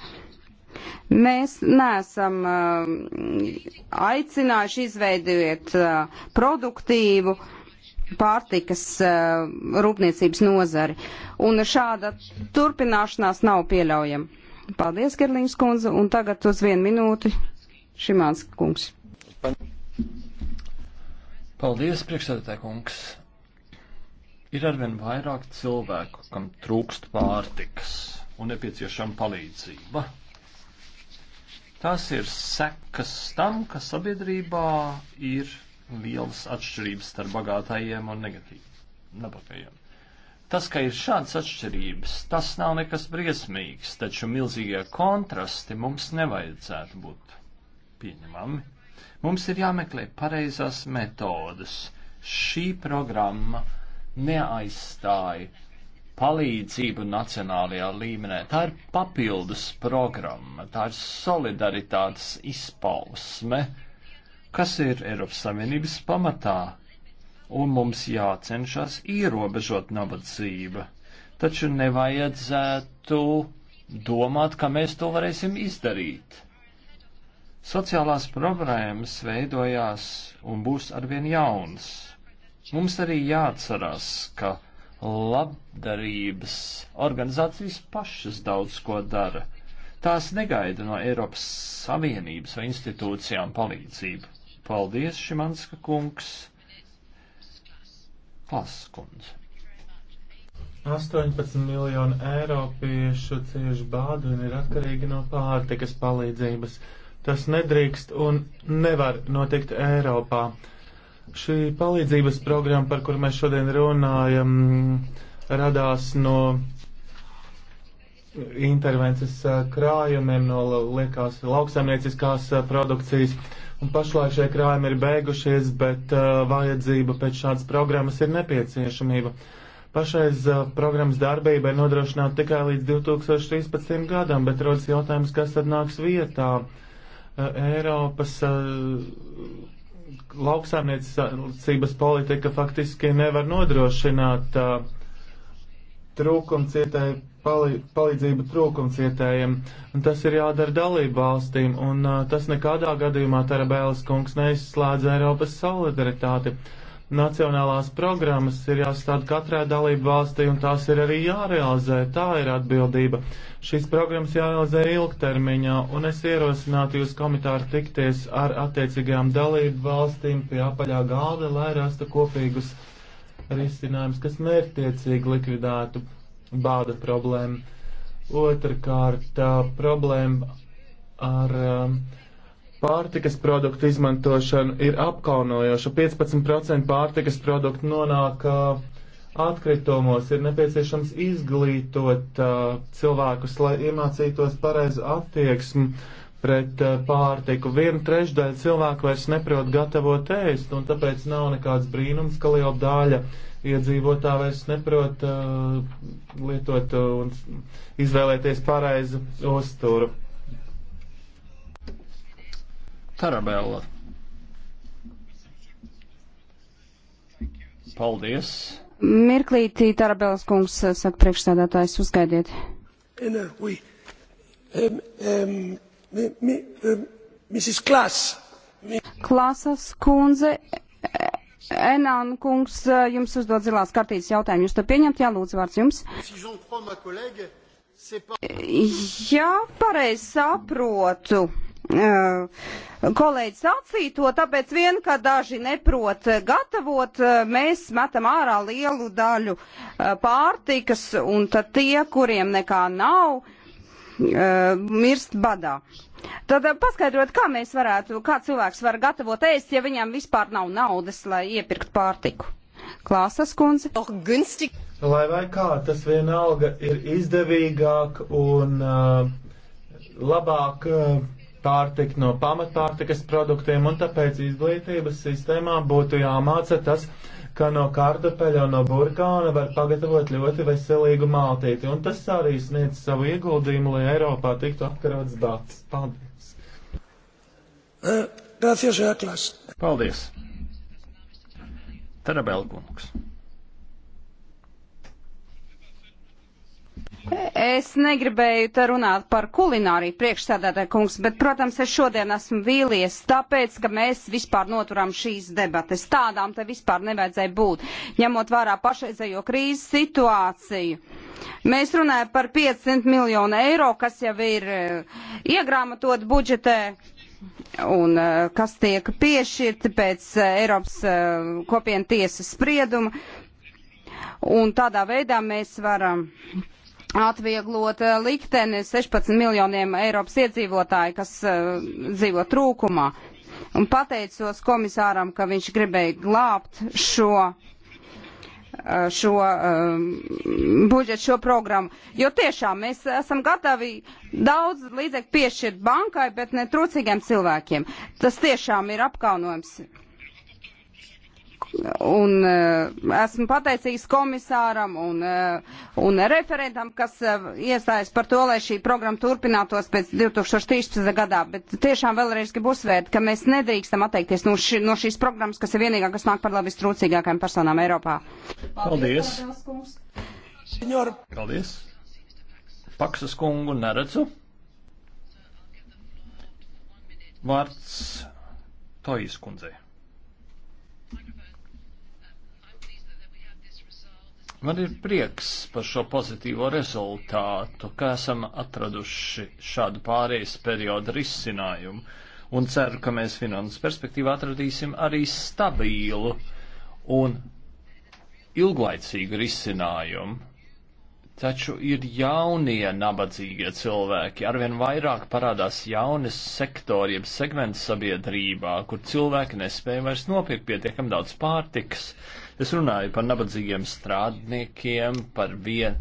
Mēs neesam eh, aicinājuši izveidojiet eh, produktīvu pārtikas eh, rūpniecības nozari. Un šāda turpināšanās nav pieļaujama. Paldies, Gerlings kundze, un tagad uz vienu minūti Šimāns kungs. Paldies, priekšsēdētāj kungs. Ir arvien vairāk cilvēku, kam trūkst pārtikas un nepieciešama palīdzība. Tās ir sekas tam, ka sabiedrībā ir lielas atšķirības starp bagātajiem un negatīviem. Tas, ka ir šādas atšķirības, tas nav nekas briesmīgs, taču milzīgie kontrasti mums nevajadzētu būt pieņemami. Mums ir jāmeklē pareizās metodas. Šī programma neaizstāja palīdzību nacionālajā līmenī. Tā ir papildus programma, tā ir solidaritātes izpausme, kas ir Eiropas Savienības pamatā, un mums jācenšas ierobežot nabadzību. Taču nevajadzētu domāt, ka mēs to varēsim izdarīt. Sociālās problēmas veidojās un būs arvien jauns. Mums arī jāatcerās, ka labdarības organizācijas pašas daudz ko dara. Tās negaida no Eiropas Savienības vai institūcijām palīdzību. Paldies, Šimanska kungs. Klases kundze. 18 miljonu eiropiešu cieši bādu un ir atkarīgi no pārtikas palīdzības. Tas nedrīkst un nevar notikt Eiropā. Šī palīdzības programma, par kuru mēs šodien runājam, radās no intervences uh, krājumiem, no liekās lauksaimnieciskās uh, produkcijas. Un pašlaik šie krājumi ir beigušies, bet uh, vajadzība pēc šādas programmas ir nepieciešamība. Pašreiz uh, programmas darbība ir nodrošināta tikai līdz 2013. gadam, bet rodas jautājums, kas tad nāks vietā. Uh, Eiropas uh, lauksāniecības politika faktiski nevar nodrošināt uh, trūkumcietēju pali, palīdzību trūkumcietējiem, un tas ir jādara dalību valstīm, un uh, tas nekādā gadījumā Tarabēlas kungs neizslēdz Eiropas solidaritāti. Uh, Nacionālās programmas ir jāstāda katrai dalību valstī un tās ir arī jārealizē. Tā ir atbildība. Šīs programmas jārealizē ilgtermiņā un es ierosinātu jūs komitāru tikties ar attiecīgajām dalību valstīm pie apaļā galda, lai rastu kopīgus risinājumus, kas mērķtiecīgi likvidētu bāda problēmu. Otrakārt, problēma ar um, Pārtikas produktu izmantošana ir apkaunojoša. 15% pārtikas produktu nonāk uh, atkritumos. Ir nepieciešams izglītot uh, cilvēkus, lai iemācītos pareizu attieksmi pret uh, pārtiku. Viena trešdaļa cilvēku vairs neprot gatavot ēst, un tāpēc nav nekāds brīnums, ka liela daļa iedzīvotā vairs neprot lietot un izvēlēties pareizu uzturu. Tarabella. Paldies. Mirklītī Tarabellas kungs, eh, saka priekšstādātājs, uzgaidiet. Eh, Klasas kundze, eh, Enan kungs, jums uzdod zilās kartītes jautājumu. Jūs to pieņemt? Jā, lūdzu, vārds jums. Ja pareizi saprotu, kolēģis sacīja to, tāpēc vien, ka daži neprot gatavot, mēs metam ārā lielu daļu pārtikas, un tad tie, kuriem nekā nav, mirst badā. Tad paskaidrot, kā mēs varētu, kā cilvēks var gatavot ēst, ja viņam vispār nav naudas, lai iepirkt pārtiku. Klāsas kundze. Lai vai kā, tas vienalga ir izdevīgāk un uh, labāk uh, pārtika no pamatpārtikas produktiem, un tāpēc izglītības sistēmā būtu jāmāca tas, ka no kartupeļa un no burkāna var pagatavot ļoti veselīgu maltīti, un tas arī sniedz savu ieguldījumu, lai Eiropā tiktu apkarots bats. Paldies! Eh, gracias, Paldies! Tarabelkungs. Es negribēju te runāt par kulināriju priekšsēdētāju kungs, bet, protams, es šodien esmu vīlies, tāpēc, ka mēs vispār noturam šīs debates. Tādām te vispār nevajadzēja būt, ņemot vērā pašreizējo krīzes situāciju. Mēs runājam par 500 miljonu eiro, kas jau ir eh, iegrāmatot budžetē un eh, kas tiek piešķirti pēc eh, Eiropas kopienu tiesas sprieduma. Un tādā veidā mēs varam atvieglot eh, likteni 16 miljoniem Eiropas iedzīvotāju, kas uh, dzīvo trūkumā. Un pateicos komisāram, ka viņš gribēja glābt šo eh, šo um, budžetu, šo programmu. Jo tiešām mēs esam gatavi daudz līdzekļu piešķirt bankai, bet ne trūcīgiem cilvēkiem. Tas tiešām ir apkaunojums. Un eh, esmu pateicīgs komisāram un, eh, un referentam, kas eh, iestājas par to, lai šī programma turpinātos pēc 2013. gadā. Bet tiešām vēlreiz gribu uzsvērt, ka mēs nedrīkstam atteikties no, ši, no šīs programmas, kas ir vienīgā, kas nāk par labi strūcīgākajām personām Eiropā. Paldies! Paldies! Paldies. Paksas kungu neredzu. Vārds Tojas kundzei. Man ir prieks par šo pozitīvo rezultātu, ka esam atraduši šādu pārējais periodu risinājumu un ceru, ka mēs finanses perspektīvā atradīsim arī stabilu un ilglaicīgu risinājumu. Taču ir jaunie nabadzīgie cilvēki, arvien vairāk parādās jaunas sektori, jeb segments sabiedrībā, kur cilvēki nespēja vairs nopirkt pietiekam daudz pārtikas Es runāju par nabadzīgiem strādniekiem, par vien,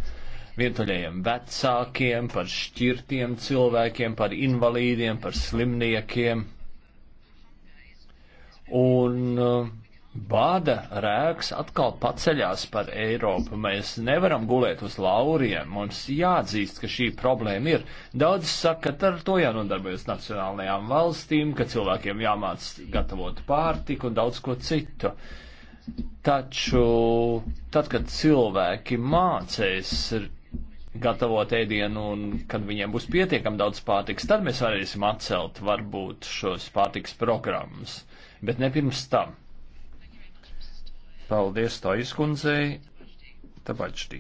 vientuļajiem vecākiem, par šķirtiem cilvēkiem, par invalīdiem, par slimniekiem. Un uh, Bāda rēks atkal paceļās par Eiropu. Mēs nevaram gulēt uz lauriem. Mums jāatzīst, ka šī problēma ir. Daudz saka, ka ar to jānodarbojas nacionālajām valstīm, ka cilvēkiem jāmāc gatavot pārtiku un daudz ko citu. Uh, Taču tad, kad cilvēki mācēs gatavot ēdienu un kad viņiem būs pietiekami daudz pārtiks, tad mēs varēsim atcelt varbūt šos pārtiks programmas, bet ne pirms tam. Paldies tā izkundzei, tabačtī.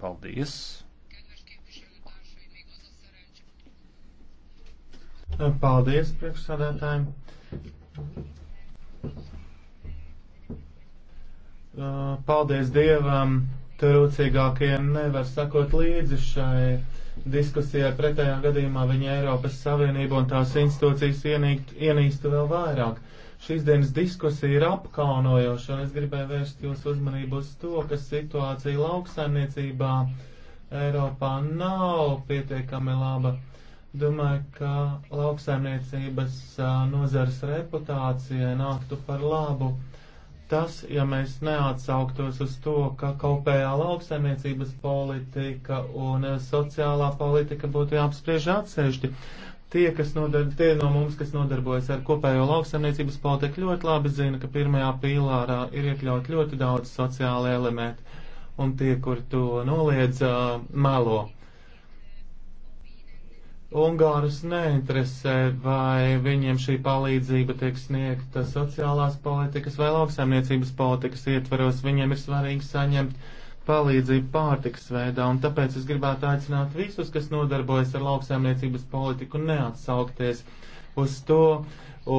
Paldies. Paldies priekšsādātājiem paldies Dievam, trūcīgākiem nevar sakot līdzi šai diskusijai. Pretējā gadījumā viņi Eiropas Savienību un tās institūcijas ienīkt, ienīstu vēl vairāk. Šīs dienas diskusija ir apkaunojoša, un es gribēju vērst jūsu uzmanību uz to, ka situācija lauksaimniecībā Eiropā nav pietiekami laba. Domāju, ka lauksaimniecības nozares reputācijai nāktu par labu tas, ja mēs neatsauktos uz to, ka kopējā lauksaimniecības politika un eh, sociālā politika būtu jāapspriež atsevišķi. Tie, kas nodar, tie no mums, kas nodarbojas ar kopējo lauksaimniecības politiku, ļoti labi zina, ka pirmajā pīlārā ir iekļaut ļoti daudz sociāla elementa, un tie, kur to noliedz, eh, melo. Ungārus neinteresē, vai viņiem šī palīdzība tiek sniegta sociālās politikas vai lauksaimniecības politikas ietvaros. Viņiem ir svarīgi saņemt palīdzību pārtikas veidā, un tāpēc es gribētu aicināt visus, kas nodarbojas ar lauksaimniecības politiku, neatsaukties uz to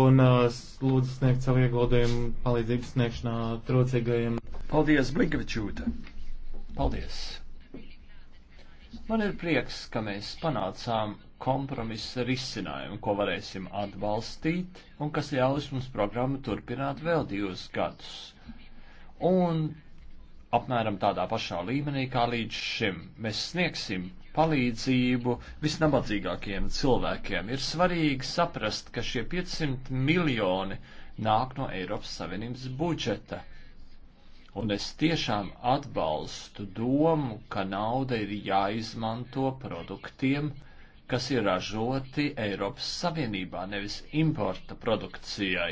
un uh, lūdzu sniegt savu ieguldījumu palīdzības sniegšanā trocīgajiem. Paldies, Blinkevičūta! Paldies! Man ir prieks, ka mēs panācām kompromisa risinājumu, ko varēsim atbalstīt un kas ļaus mums programmu turpināt vēl divus gadus. Un apmēram tādā pašā līmenī kā līdz šim mēs sniegsim palīdzību visnabadzīgākajiem cilvēkiem. Ir svarīgi saprast, ka šie 500 miljoni nāk no Eiropas Savienības budžeta. Un es tiešām atbalstu domu, ka nauda ir jāizmanto produktiem, kas ir ražoti Eiropas Savienībā, nevis importa produkcijai.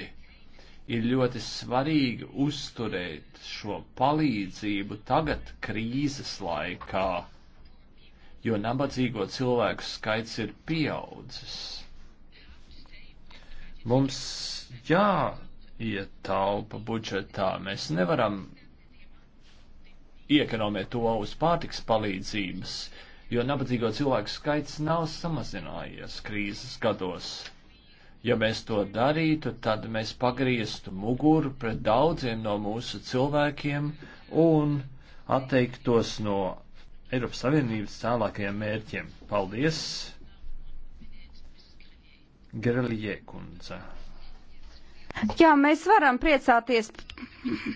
Ir ļoti svarīgi uzturēt šo palīdzību tagad krīzes laikā, jo nabadzīgo cilvēku skaits ir pieaudzis. Mums jāietaupa budžetā, mēs nevaram iekonomēt to uz pārtiks palīdzības uh, jo nabadzīgo cilvēku skaits nav samazinājies krīzes gados. Ja mēs to darītu, tad mēs pagrieztu muguru pret daudziem no mūsu cilvēkiem un atteiktos no Eiropas Savienības tālākajiem mērķiem. Paldies! Gerlie kundze. Jā, mēs varam priecāties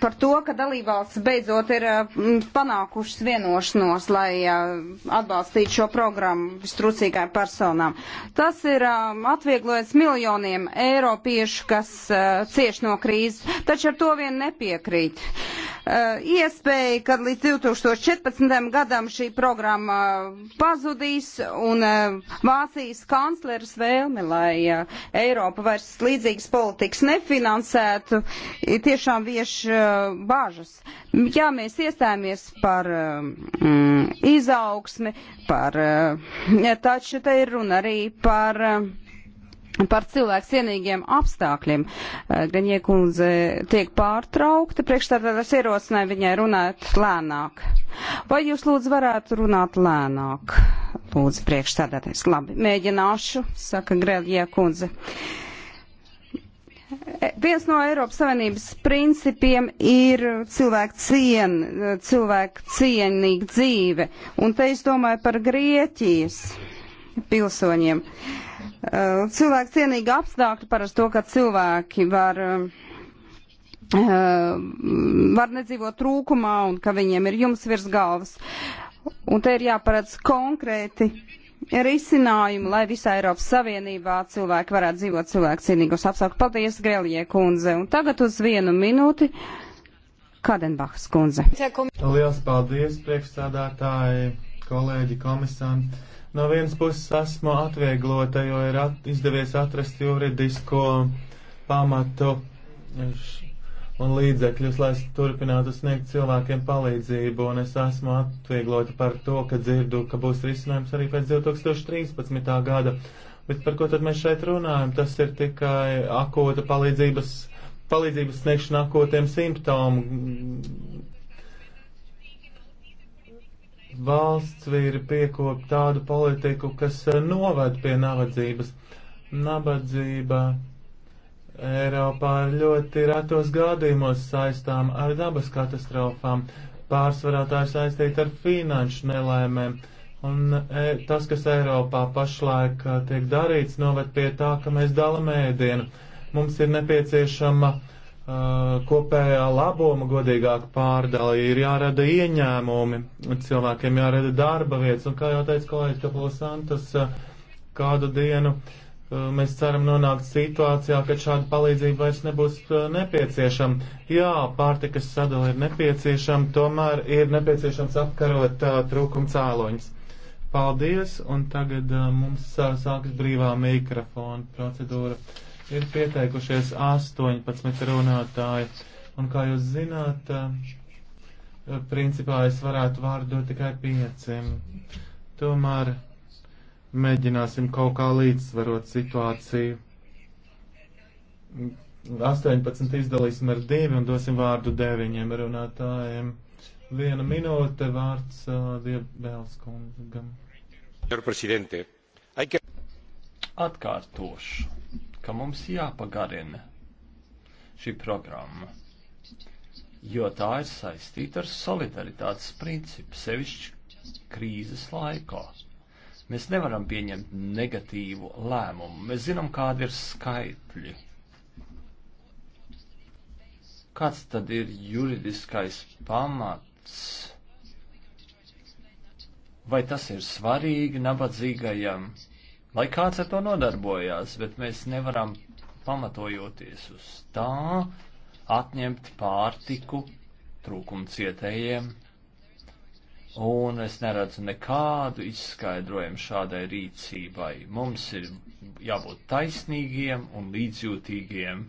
par to, ka dalībvalsts beidzot ir eh, panākušas vienošanos, lai eh, atbalstītu šo programmu vistrūcīgai personām. Tas ir eh, atvieglojis miljoniem eiropiešu, kas cieš no krīzes, taču ar to vien nepiekrīt. Eh, iespēja, ka līdz 2014. gadam šī programma pazudīs un eh, Vācijas kanclers vēlme, lai eh, Eiropa vairs līdzīgas politikas nefinansētu, tiešām vieš bāžas. Jā, mēs iestājāmies par mm, izaugsmi, par, taču te ir runa arī par par cilvēku cienīgiem apstākļiem. Eh, Greņie kundze tiek pārtraukta, priekšstādātājs ierosināja viņai runāt lēnāk. Vai jūs lūdzu varētu runāt lēnāk? Lūdzu, priekšstādātājs. Labi, mēģināšu, saka Greņie kundze. Eh, viens no Eiropas Savienības principiem ir cilvēku cien, cilvēku cienīga dzīve. Un te es domāju par Grieķijas pilsoņiem. Uh, Eh, cilvēku cienīgi apstākļi parasti to, ka cilvēki var, eh, var nedzīvot trūkumā un ka viņiem ir jums virs galvas. Un te ir jāparedz konkrēti risinājumi, lai visā Eiropas Savienībā cilvēki varētu dzīvot cilvēku cienīgos apstākļos. Paldies, Grelie kundze. Un tagad uz vienu minūti. Kadenbachs kundze. Lielas paldies, priekšstādātāji, kolēģi, komisanti. No vienas puses esmu atvieglota, jo ir at izdevies atrast juridisko pamatu un līdzekļus, lai turpinātu sniegt cilvēkiem palīdzību, un es esmu atvieglota par to, ka dzirdu, ka būs risinājums arī pēc 2013. gada. Bet par ko tad mēs šeit runājam? Tas ir tikai akūta palīdzības, palīdzības sniegšana akūtiem simptomu valsts vīri piekop tādu politiku, kas eh, novad pie nabadzības. Nabadzība Eiropā ir ļoti retos gadījumos saistām ar dabas katastrofām. Pārsvarā tā ir saistīta ar finanšu nelēmēm. Un e, tas, kas Eiropā pašlaik eh, tiek darīts, noved pie tā, ka mēs dalam ēdienu. Mums ir nepieciešama uh, Eh, kopējā labuma godīgāka pārdala, ir jārada ieņēmumi, cilvēkiem jārada darba vietas, un kā jau teica kolēģis Kaplos Santos, eh, kādu dienu eh, mēs ceram nonākt situācijā, kad šāda palīdzība vairs nebūs nepieciešama. Jā, pārtikas sadala ir nepieciešama, tomēr ir nepieciešams apkarot uh, trūkuma cēloņus. Paldies, un tagad uh, mums uh, sāks brīvā mikrofona procedūra. Uh, ir pieteikušies 18 runātāji. Un, kā jūs zināt, eh, principā es varētu vārdu dot tikai pieciem. Tomēr mēģināsim kaut kā līdzsvarot situāciju. 18 izdalīsim ar divi un dosim vārdu deviņiem runātājiem. Viena minūte vārds uh, eh, Diebēlskungam. Atkārtošu ka mums jāpagarina šī programma, jo tā ir saistīta ar solidaritātes principu, sevišķi krīzes laikā. Mēs nevaram pieņemt negatīvu lēmumu. Mēs zinām, kādi ir skaitļi. Kāds tad ir juridiskais pamats? Vai tas ir svarīgi nabadzīgajam lai kāds ar to nodarbojās, bet mēs nevaram pamatojoties uz tā atņemt pārtiku trūkumu cietējiem, un es neredzu nekādu izskaidrojumu šādai rīcībai. Mums ir jābūt taisnīgiem un līdzjūtīgiem.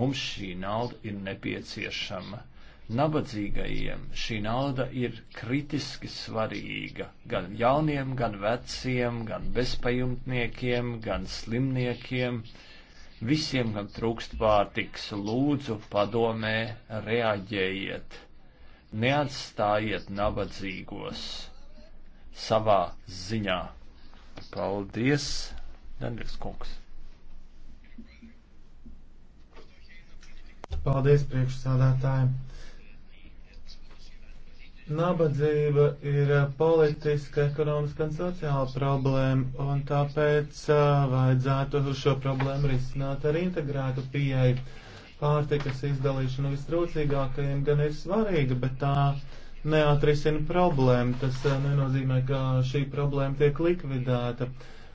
Mums šī nauda ir nepieciešama. Nabadzīgajiem šī nauda ir kritiski svarīga gan jauniem, gan veciem, gan bezpajumtniekiem, gan slimniekiem, visiem, kam trūkst pārtiks, lūdzu padomē, reaģējiet, neatstājiet nabadzīgos savā ziņā. Paldies, Dendriks kungs! Paldies priekšsādātājiem! Nabadzība ir eh, politiska, ekonomiska un sociāla problēma, un tāpēc uh, vajadzētu šo problēmu risināt ar integrētu pieeju. Pārtikas izdalīšana vistrūcīgākajiem gan ir svarīga, bet tā neatrisina problēmu. Tas uh, nenozīmē, ka šī problēma tiek likvidēta.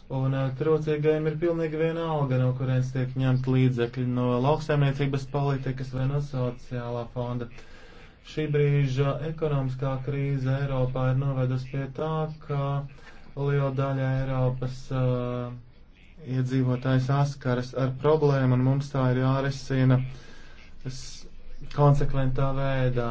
Un uh, trūcīgajiem ir pilnīgi viena alga, no kurienes tiek ņemt līdzekļi no lauksaimniecības politikas vai no sociālā fonda. Uh, Šī brīža ekonomiskā krīze Eiropā ir novedusi pie tā, ka liela daļa Eiropas uh, iedzīvotāji saskaras ar problēmu, un mums tā ir jārisina konsekventā veidā.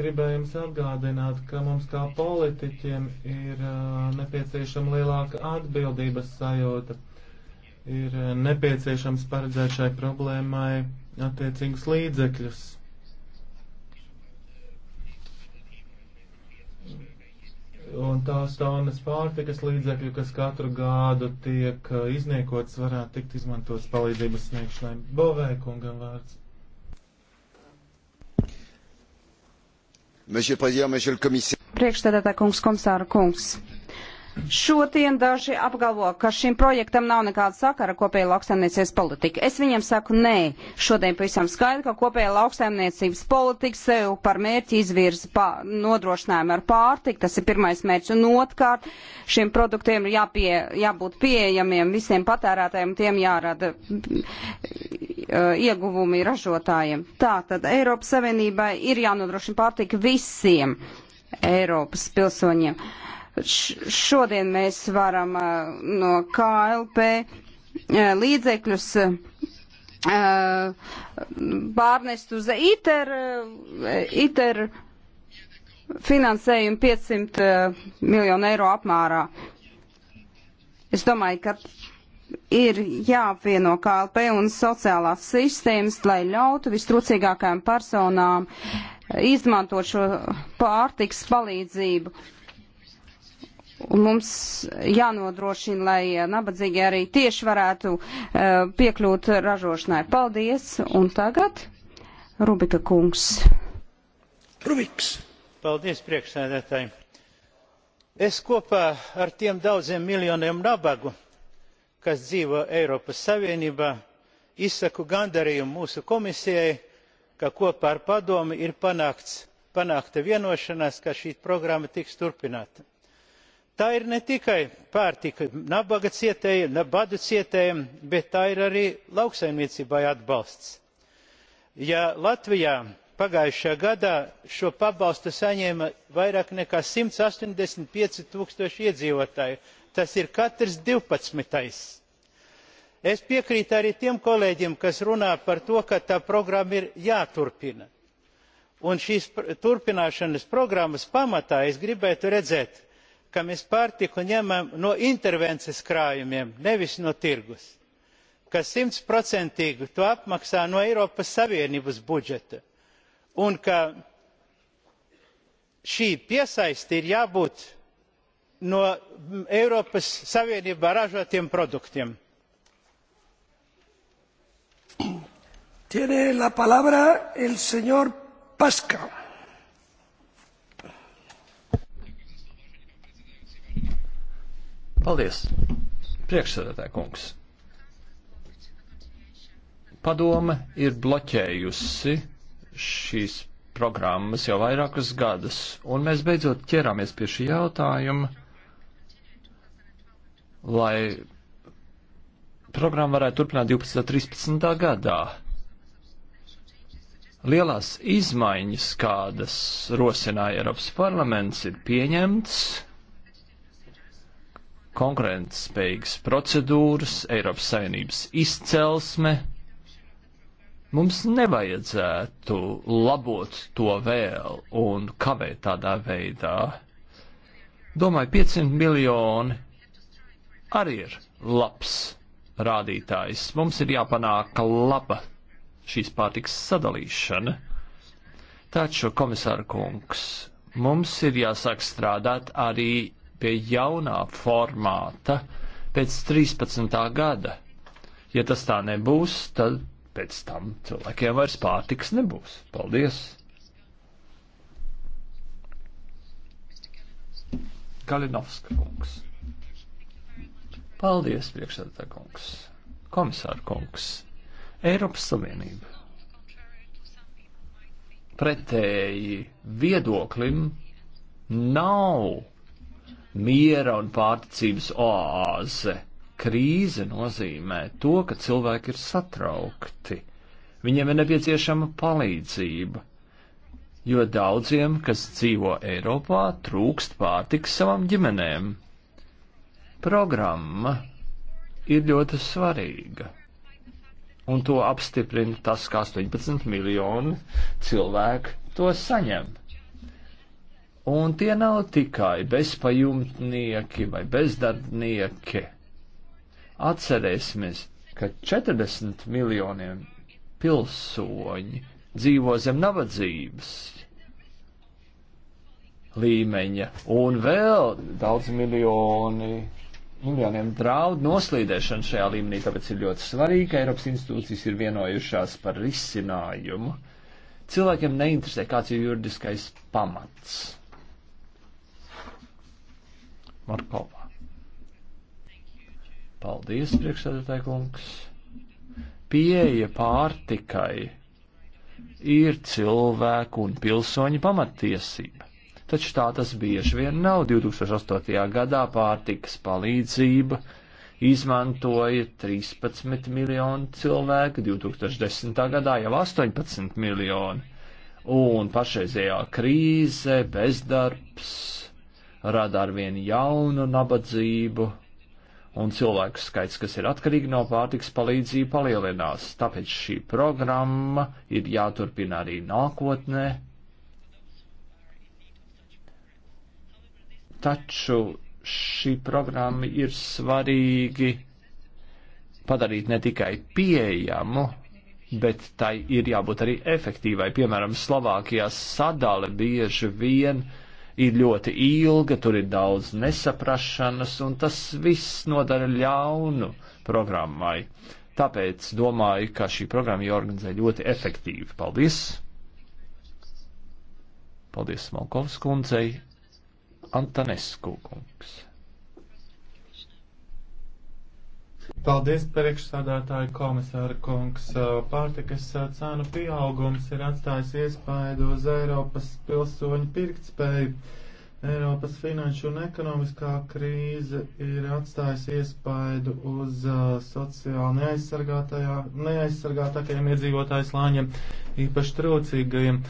Gribēju jums atgādināt, ka mums kā politiķiem ir uh, nepieciešama lielāka atbildības sajūta. Ir uh, nepieciešams paredzēt šai problēmai attiecīgus līdzekļus. un tās tonnas pārtikas līdzekļu, kas katru gādu tiek uh, izniekots, varētu tikt izmantots palīdzības sniegšanai. Bovē kungam vārds. Priekšstādātā kungs, komisāra kungs. Šodien daži apgalvo, ka šim projektam nav nekāda sakara kopējai lauksaimniecības politika. Es viņiem saku, nē, šodien pavisam skaidri, ka kopējai lauksaimniecības politika sev par mērķi izvirza pār, nodrošinājumu ar pārtiku, tas ir pirmais mērķis, un otrkārt šiem produktiem ir jāpie, jābūt pieejamiem visiem patērētājiem, tiem jārada uh, ieguvumi ražotājiem. Tātad Eiropas Savienībai ir jānodrošina pārtika visiem Eiropas pilsoņiem. Uh, Šodien mēs varam no KLP līdzekļus pārnest uz ITER, ITER finansējumu 500 miljonu eiro apmērā. Es domāju, ka ir jāapvieno KLP un sociālās sistēmas, lai ļautu vistrūcīgākajām personām izmantot šo pārtiks palīdzību. Uh, Un mums jānodrošina, lai eh, nabadzīgi arī tieši varētu uh, piekļūt ražošanai. Paldies! Un tagad Rubika kungs. Rubiks! Paldies, priekšsēdētāji! Es kopā ar tiem daudziem miljoniem nabagu, kas dzīvo Eiropas Savienībā, izsaku gandarījumu mūsu komisijai, ka kopā ar padomi ir panākts, panākta vienošanās, ka šī programma tiks turpināta tā ir ne tikai pārtika nabaga cietējiem badu cietējiem bet tā ir arī lauksaimniecībai atbalsts. ja latvijā pagājušajā gadā šo pabalstu saņēma vairāk nekā simts astoņdesmit pieci tūkstoši iedzīvotāju tas ir katrs divpadsmitais. es piekrītu arī tiem kolēģiem kas runā par to ka tā programma ir jāturpina un šīs turpināšanas programmas pamatā es gribētu redzēt ka mēs pārtiku ņemam no intervences krājumiem nevis no tirgus ka simtprocentīgi to apmaksā no eiropas savienības budžeta un ka šī piesaiste ir jābūt no eiropas savienībā ražotiem produktiem. tiene la palabra el señor pascu. Paldies! Priekšsēdētāj kungs. Padome ir bloķējusi šīs programmas jau vairākus gadus, un mēs beidzot ķerāmies pie šī jautājuma, lai programma varētu turpināt 12. un 13. gadā. Lielās izmaiņas, kādas rosināja Eiropas parlaments, ir pieņemts konkurētspējīgas procedūras, Eiropas Savienības izcelsme. Mums nevajadzētu labot to vēl un kavēt tādā veidā. Domāju, 500 miljoni arī ir labs rādītājs. Mums ir jāpanāk laba šīs pārtiks sadalīšana. Taču, komisāra kungs, mums ir jāsāk strādāt arī pie jaunā formāta pēc 13. gada. Ja tas tā nebūs, tad pēc tam cilvēkiem vairs pārtiks nebūs. Paldies! Kalinovska kungs. Paldies, priekšsēdētā kungs. Komisāra kungs. Eiropas Savienība. Pretēji viedoklim nav miera un pārticības oāze. Krīze nozīmē to, ka cilvēki ir satraukti. Viņiem ir nepieciešama palīdzība, jo daudziem, kas dzīvo Eiropā, trūkst pārtiks savām ģimenēm. Programma ir ļoti svarīga, un to apstiprina tas, ka 18 miljoni cilvēku to saņem. Un tie nav tikai bezpajumtnieki vai bezdarbnieki. Atcerēsimies, ka 40 miljoniem pilsoņi dzīvo zem nabadzības līmeņa, un vēl daudz miljoni, miljoniem draud noslīdēšana šajā līmenī, tāpēc ir ļoti svarīgi, ka Eiropas institūcijas ir vienojušās par risinājumu. Cilvēkiem neinteresē, kāds ir juridiskais pamats Markovā. Paldies, priekšsēdētāji kungs. Pieeja pārtikai ir cilvēku un pilsoņu pamatiesība. Taču tā tas bieži vien nav. 2008. gadā pārtikas palīdzība izmantoja 13 miljonu cilvēku, 2010. gadā jau 18 miljoni. Un pašreizējā krīze, bezdarbs, rada arvien jaunu nabadzību, un cilvēku skaits, kas ir atkarīgi no pārtiks palīdzību, palielinās. Tāpēc šī programma ir jāturpina arī nākotnē. Taču šī programma ir svarīgi padarīt ne tikai pieejamu, bet tai ir jābūt arī efektīvai. Piemēram, Slovākijā sadale bieži vien uh, ir ļoti ilga, tur ir daudz nesaprašanas, un tas viss nodara ļaunu programmai. Tāpēc domāju, ka šī programma jāorganizē ļoti efektīvi. Paldies! Paldies Malkovs kundzei, Antanesku kungs. Paldies, priekšsādātāji komisāra kungs. Pārtikas eh, cēnu pieaugums ir atstājis iespaidu uz Eiropas pilsoņu pirktspēju. Eiropas finanšu un ekonomiskā krīze ir atstājis iespaidu uz uh, sociāli neaizsargātākajiem iedzīvotāju slāņiem, īpaši trūcīgajiem.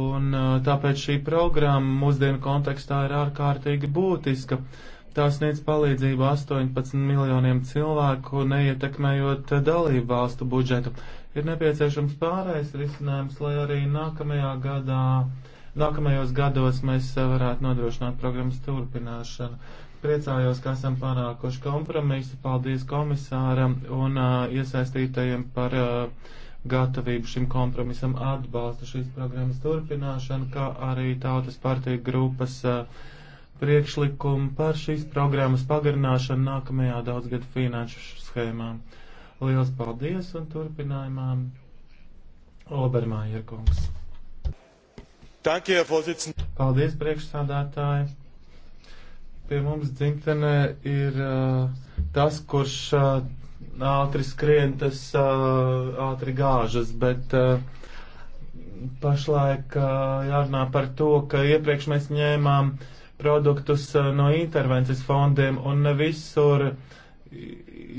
Un uh, tāpēc šī programma mūsdienu kontekstā ir ārkārtīgi būtiska. Uh, Tā sniedz palīdzību 18 miljoniem cilvēku, neietekmējot dalību valstu budžetu. Ir nepieciešams pārējais risinājums, lai arī nākamajā gadā, nākamajos gados mēs varētu nodrošināt programmas turpināšanu. Priecājos, ka esam panākuši kompromisu. Paldies komisāram un uh, iesaistītajiem par uh, gatavību šim kompromisam atbalsta šīs programmas turpināšanu, kā arī Tautas partija grupas uh, priekšlikumu par šīs programmas pagarināšanu nākamajā daudzgadu finanšu schēmā. Liels paldies un turpinājumā Obermājer kungs. Paldies, priekšsādātāji. Pie mums dzimtenē ir uh, tas, kurš uh, ātri skrien, tas uh, ātri gāžas, bet uh, pašlaik uh, jārunā par to, ka iepriekš mēs ņēmām uh, produktus eh, no intervences fondiem un ne visur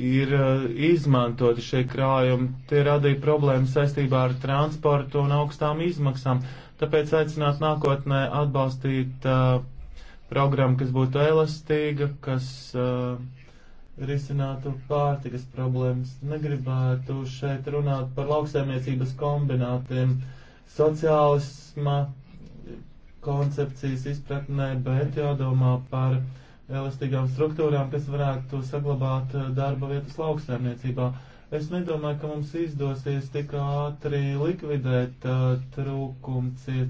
ir eh, izmantoti šie krājumi. Tie radīja problēmas saistībā ar transportu un augstām izmaksām. Tāpēc aicināt nākotnē atbalstīt uh, programmu, kas būtu elastīga, kas uh, risinātu pārtikas problēmas. Negribētu šeit runāt par lauksaimniecības kombinātiem. Sociālisma koncepcijas izpratnē, bet jādomā par elastīgām struktūrām, kas varētu saglabāt eh, darba vietas lauksaimniecībā. Es nedomāju, ka mums izdosies tik ātri likvidēt uh, eh, trūkumcie,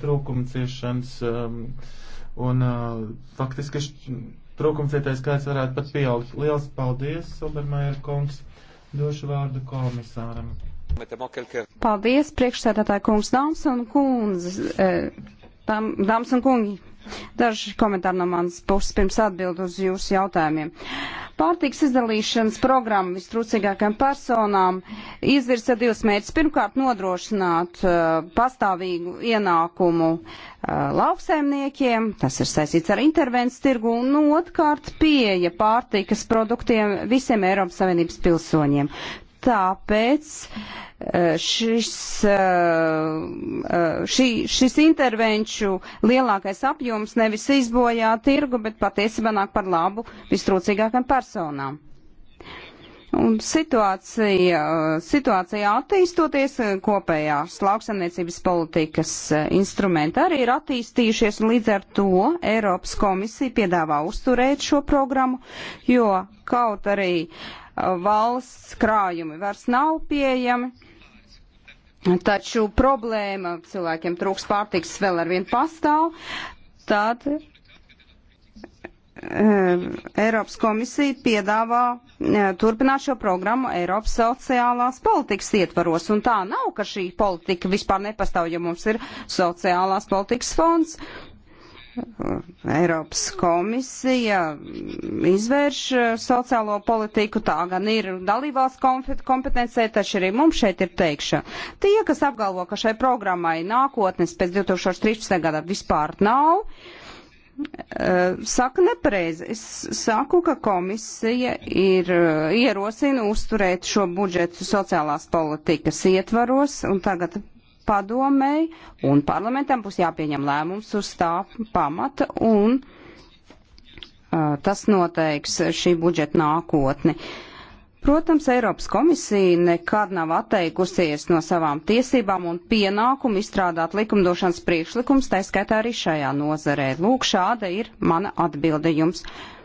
trūkumciešanas um, un uh, faktiski trūkumcietais skaits varētu pat pieaugt. Liels paldies, Obermajer kungs! Došu vārdu komisāram. Paldies, priekšsēdētāja kungs Dāms un kundzes. Eh tam, dāmas un kungi, daži komentāri no manas puses pirms atbild uz jūsu jautājumiem. Pārtiks izdalīšanas programma vistrūcīgākajām personām izvirsa divus mērķus. Pirmkārt, nodrošināt uh, pastāvīgu ienākumu uh, lauksaimniekiem, tas ir saistīts ar intervences tirgu, un otrkārt, pieeja pārtikas produktiem visiem Eiropas Savienības pilsoņiem. Tāpēc eh, šis, eh, eh, šī, šis intervenču lielākais apjoms nevis izbojā tirgu, bet patiesībā nāk par labu vistrūcīgākam personām. Un situācija, situācija attīstoties, kopējās lauksaimniecības politikas instrumenti arī ir attīstījušies, un līdz ar to Eiropas komisija piedāvā uzturēt šo programmu, jo kaut arī valsts krājumi vairs nav pieejami. Taču problēma cilvēkiem trūks pārtiks vēl ar vienu pastāv, tad e, Eiropas komisija piedāvā e, turpināt šo programmu Eiropas sociālās politikas ietvaros. Un tā nav, ka šī politika vispār nepastāv, jo mums ir sociālās politikas fonds. E, Eiropas komisija izvērš uh, sociālo politiku, tā gan ir dalībās kompetencē, taču arī mums šeit ir teikša. Tie, kas apgalvo, ka šai programmai nākotnes pēc 2013. gada vispār nav, uh, saka nepareizi. Es saku, ka komisija ir uh, ierosina uzturēt šo budžetu sociālās politikas ietvaros, un tagad padomēji un parlamentam būs jāpieņem lēmums uz tā pamata un uh, tas noteiks šī budžeta nākotni. Protams, Eiropas komisija nekad nav atteikusies no savām tiesībām un pienākumu izstrādāt likumdošanas priekšlikums, tā skaitā arī šajā nozarē. Lūk, šāda ir mana atbilde jums. Uh,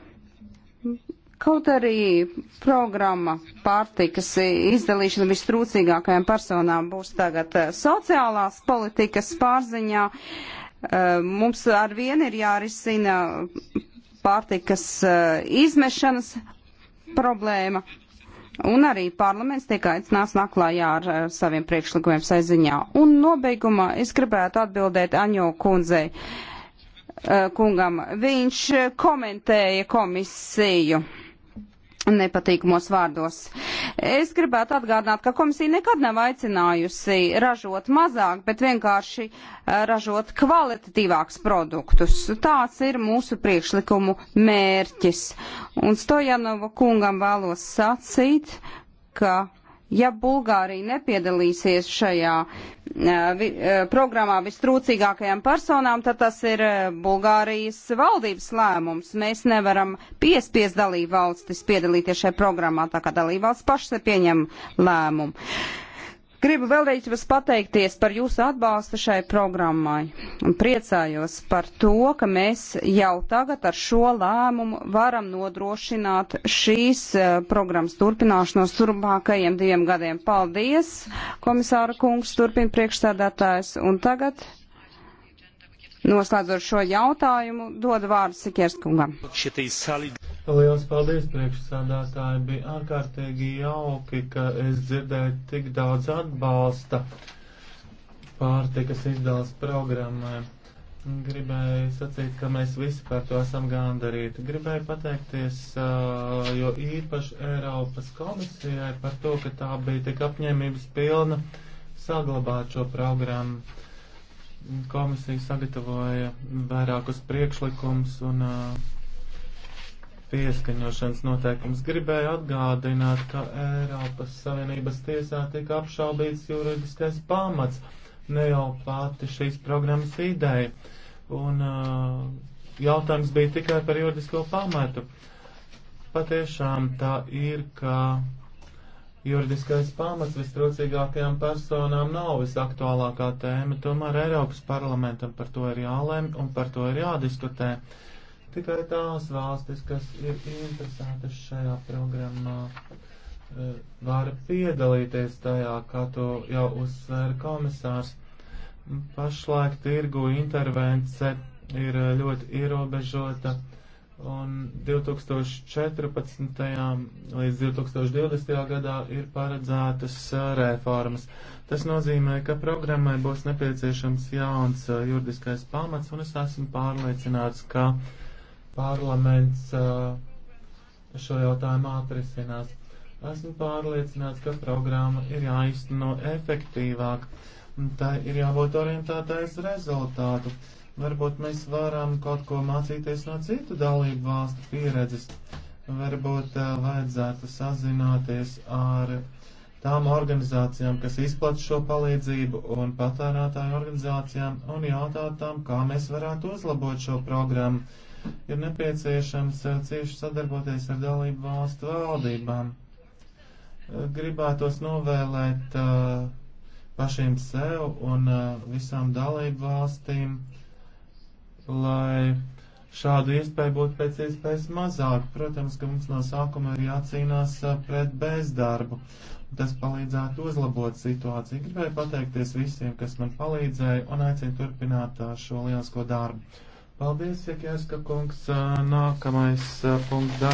Kaut arī programma pārtikas izdalīšana vistrūcīgākajām personām būs tagad eh, sociālās politikas pārziņā, eh, mums ar vienu ir jārisina pārtikas eh, izmešanas problēma. Un arī parlaments tiek aicināts naklājā ar, ar saviem priekšlikumiem saiziņā. Un nobeigumā es gribētu atbildēt Aņo kundzei kungam. Viņš komentēja komisiju nepatīkamos vārdos. Es gribētu atgādināt, ka komisija nekad nav aicinājusi ražot mazāk, bet vienkārši eh, ražot kvalitatīvākus produktus. Tāds ir mūsu priekšlikumu mērķis. Un Stojanova kungam vēlos sacīt, ka ja Bulgārija nepiedalīsies šajā eh, vi, eh, programmā vistrūcīgākajām personām, tad tas ir eh, Bulgārijas valdības lēmums. Mēs nevaram piespiest dalību valstis piedalīties šajā programmā, tā kā dalību valsts pašas pieņem lēmumu. Gribu vēlreiz pateikties par jūsu atbalstu šai programmai un priecājos par to, ka mēs jau tagad ar šo lēmumu varam nodrošināt šīs eh, programmas turpināšanos turpmākajiem diviem gadiem. Paldies, komisāra kungs, turpina priekšstādātājs. Un tagad Noslēdzot šo jautājumu, dod vārdu Sikierskungam. Liels paldies, priekšsādātāji. Bija ārkārtīgi jauki, ka es dzirdēju tik daudz atbalsta pārtikas izdāles programmai. Gribēju sacīt, ka mēs visi par to esam gandarīti. Gribēju pateikties, jo īpaši Eiropas komisijai par to, ka tā bija tik apņēmības pilna saglabāt šo programmu Komisija sagatavoja vairākus priekšlikumus un uh, pieskaņošanas noteikums. Gribēju atgādināt, ka Eiropas Savienības tiesā tika apšaubīts juridiskais pamats, ne jau pati šīs programmas ideja. Un uh, jautājums bija tikai par juridisko pamatu. Patiešām tā ir, ka Juridiskais pamats visstrocīgākajām personām nav visaktuālākā tēma, tomēr Eiropas parlamentam par to ir jālēm un par to ir jādiskutē. Tikai tās valstis, kas ir interesētas šajā programmā, eh, var piedalīties tajā, kā to jau uzsvēra komisārs. Pašlaik tirgu intervence ir eh, ļoti ierobežota un 2014. līdz 2020. gadā ir paredzētas reformas. Tas nozīmē, ka programmai būs nepieciešams jauns juridiskais pamats, un es esmu pārliecināts, ka parlaments šo jautājumu atrisinās. Esmu pārliecināts, ka programma ir jāizteno efektīvāk, un tai ir jābūt orientētais rezultātu. Varbūt mēs varam kaut ko mācīties no citu dalību valstu pieredzes. Varbūt uh, vajadzētu sazināties ar tām organizācijām, kas izplat šo palīdzību un patērētāju organizācijām un jautāt tām, kā mēs varētu uzlabot šo programmu. Ir nepieciešams eh, cieši sadarboties ar dalību valstu valdībām. Eh, gribētos novēlēt uh, pašiem sev un uh, visām dalību valstīm lai šādu iespēju būtu pēc iespējas mazāk. Protams, ka mums no sākuma ir jācīnās pret bezdarbu. Tas palīdzētu uzlabot situāciju. Gribēju pateikties visiem, kas man palīdzēja un aicinu turpināt šo lielisko darbu. Paldies, Jekieska kungs. Nākamais punkts darba.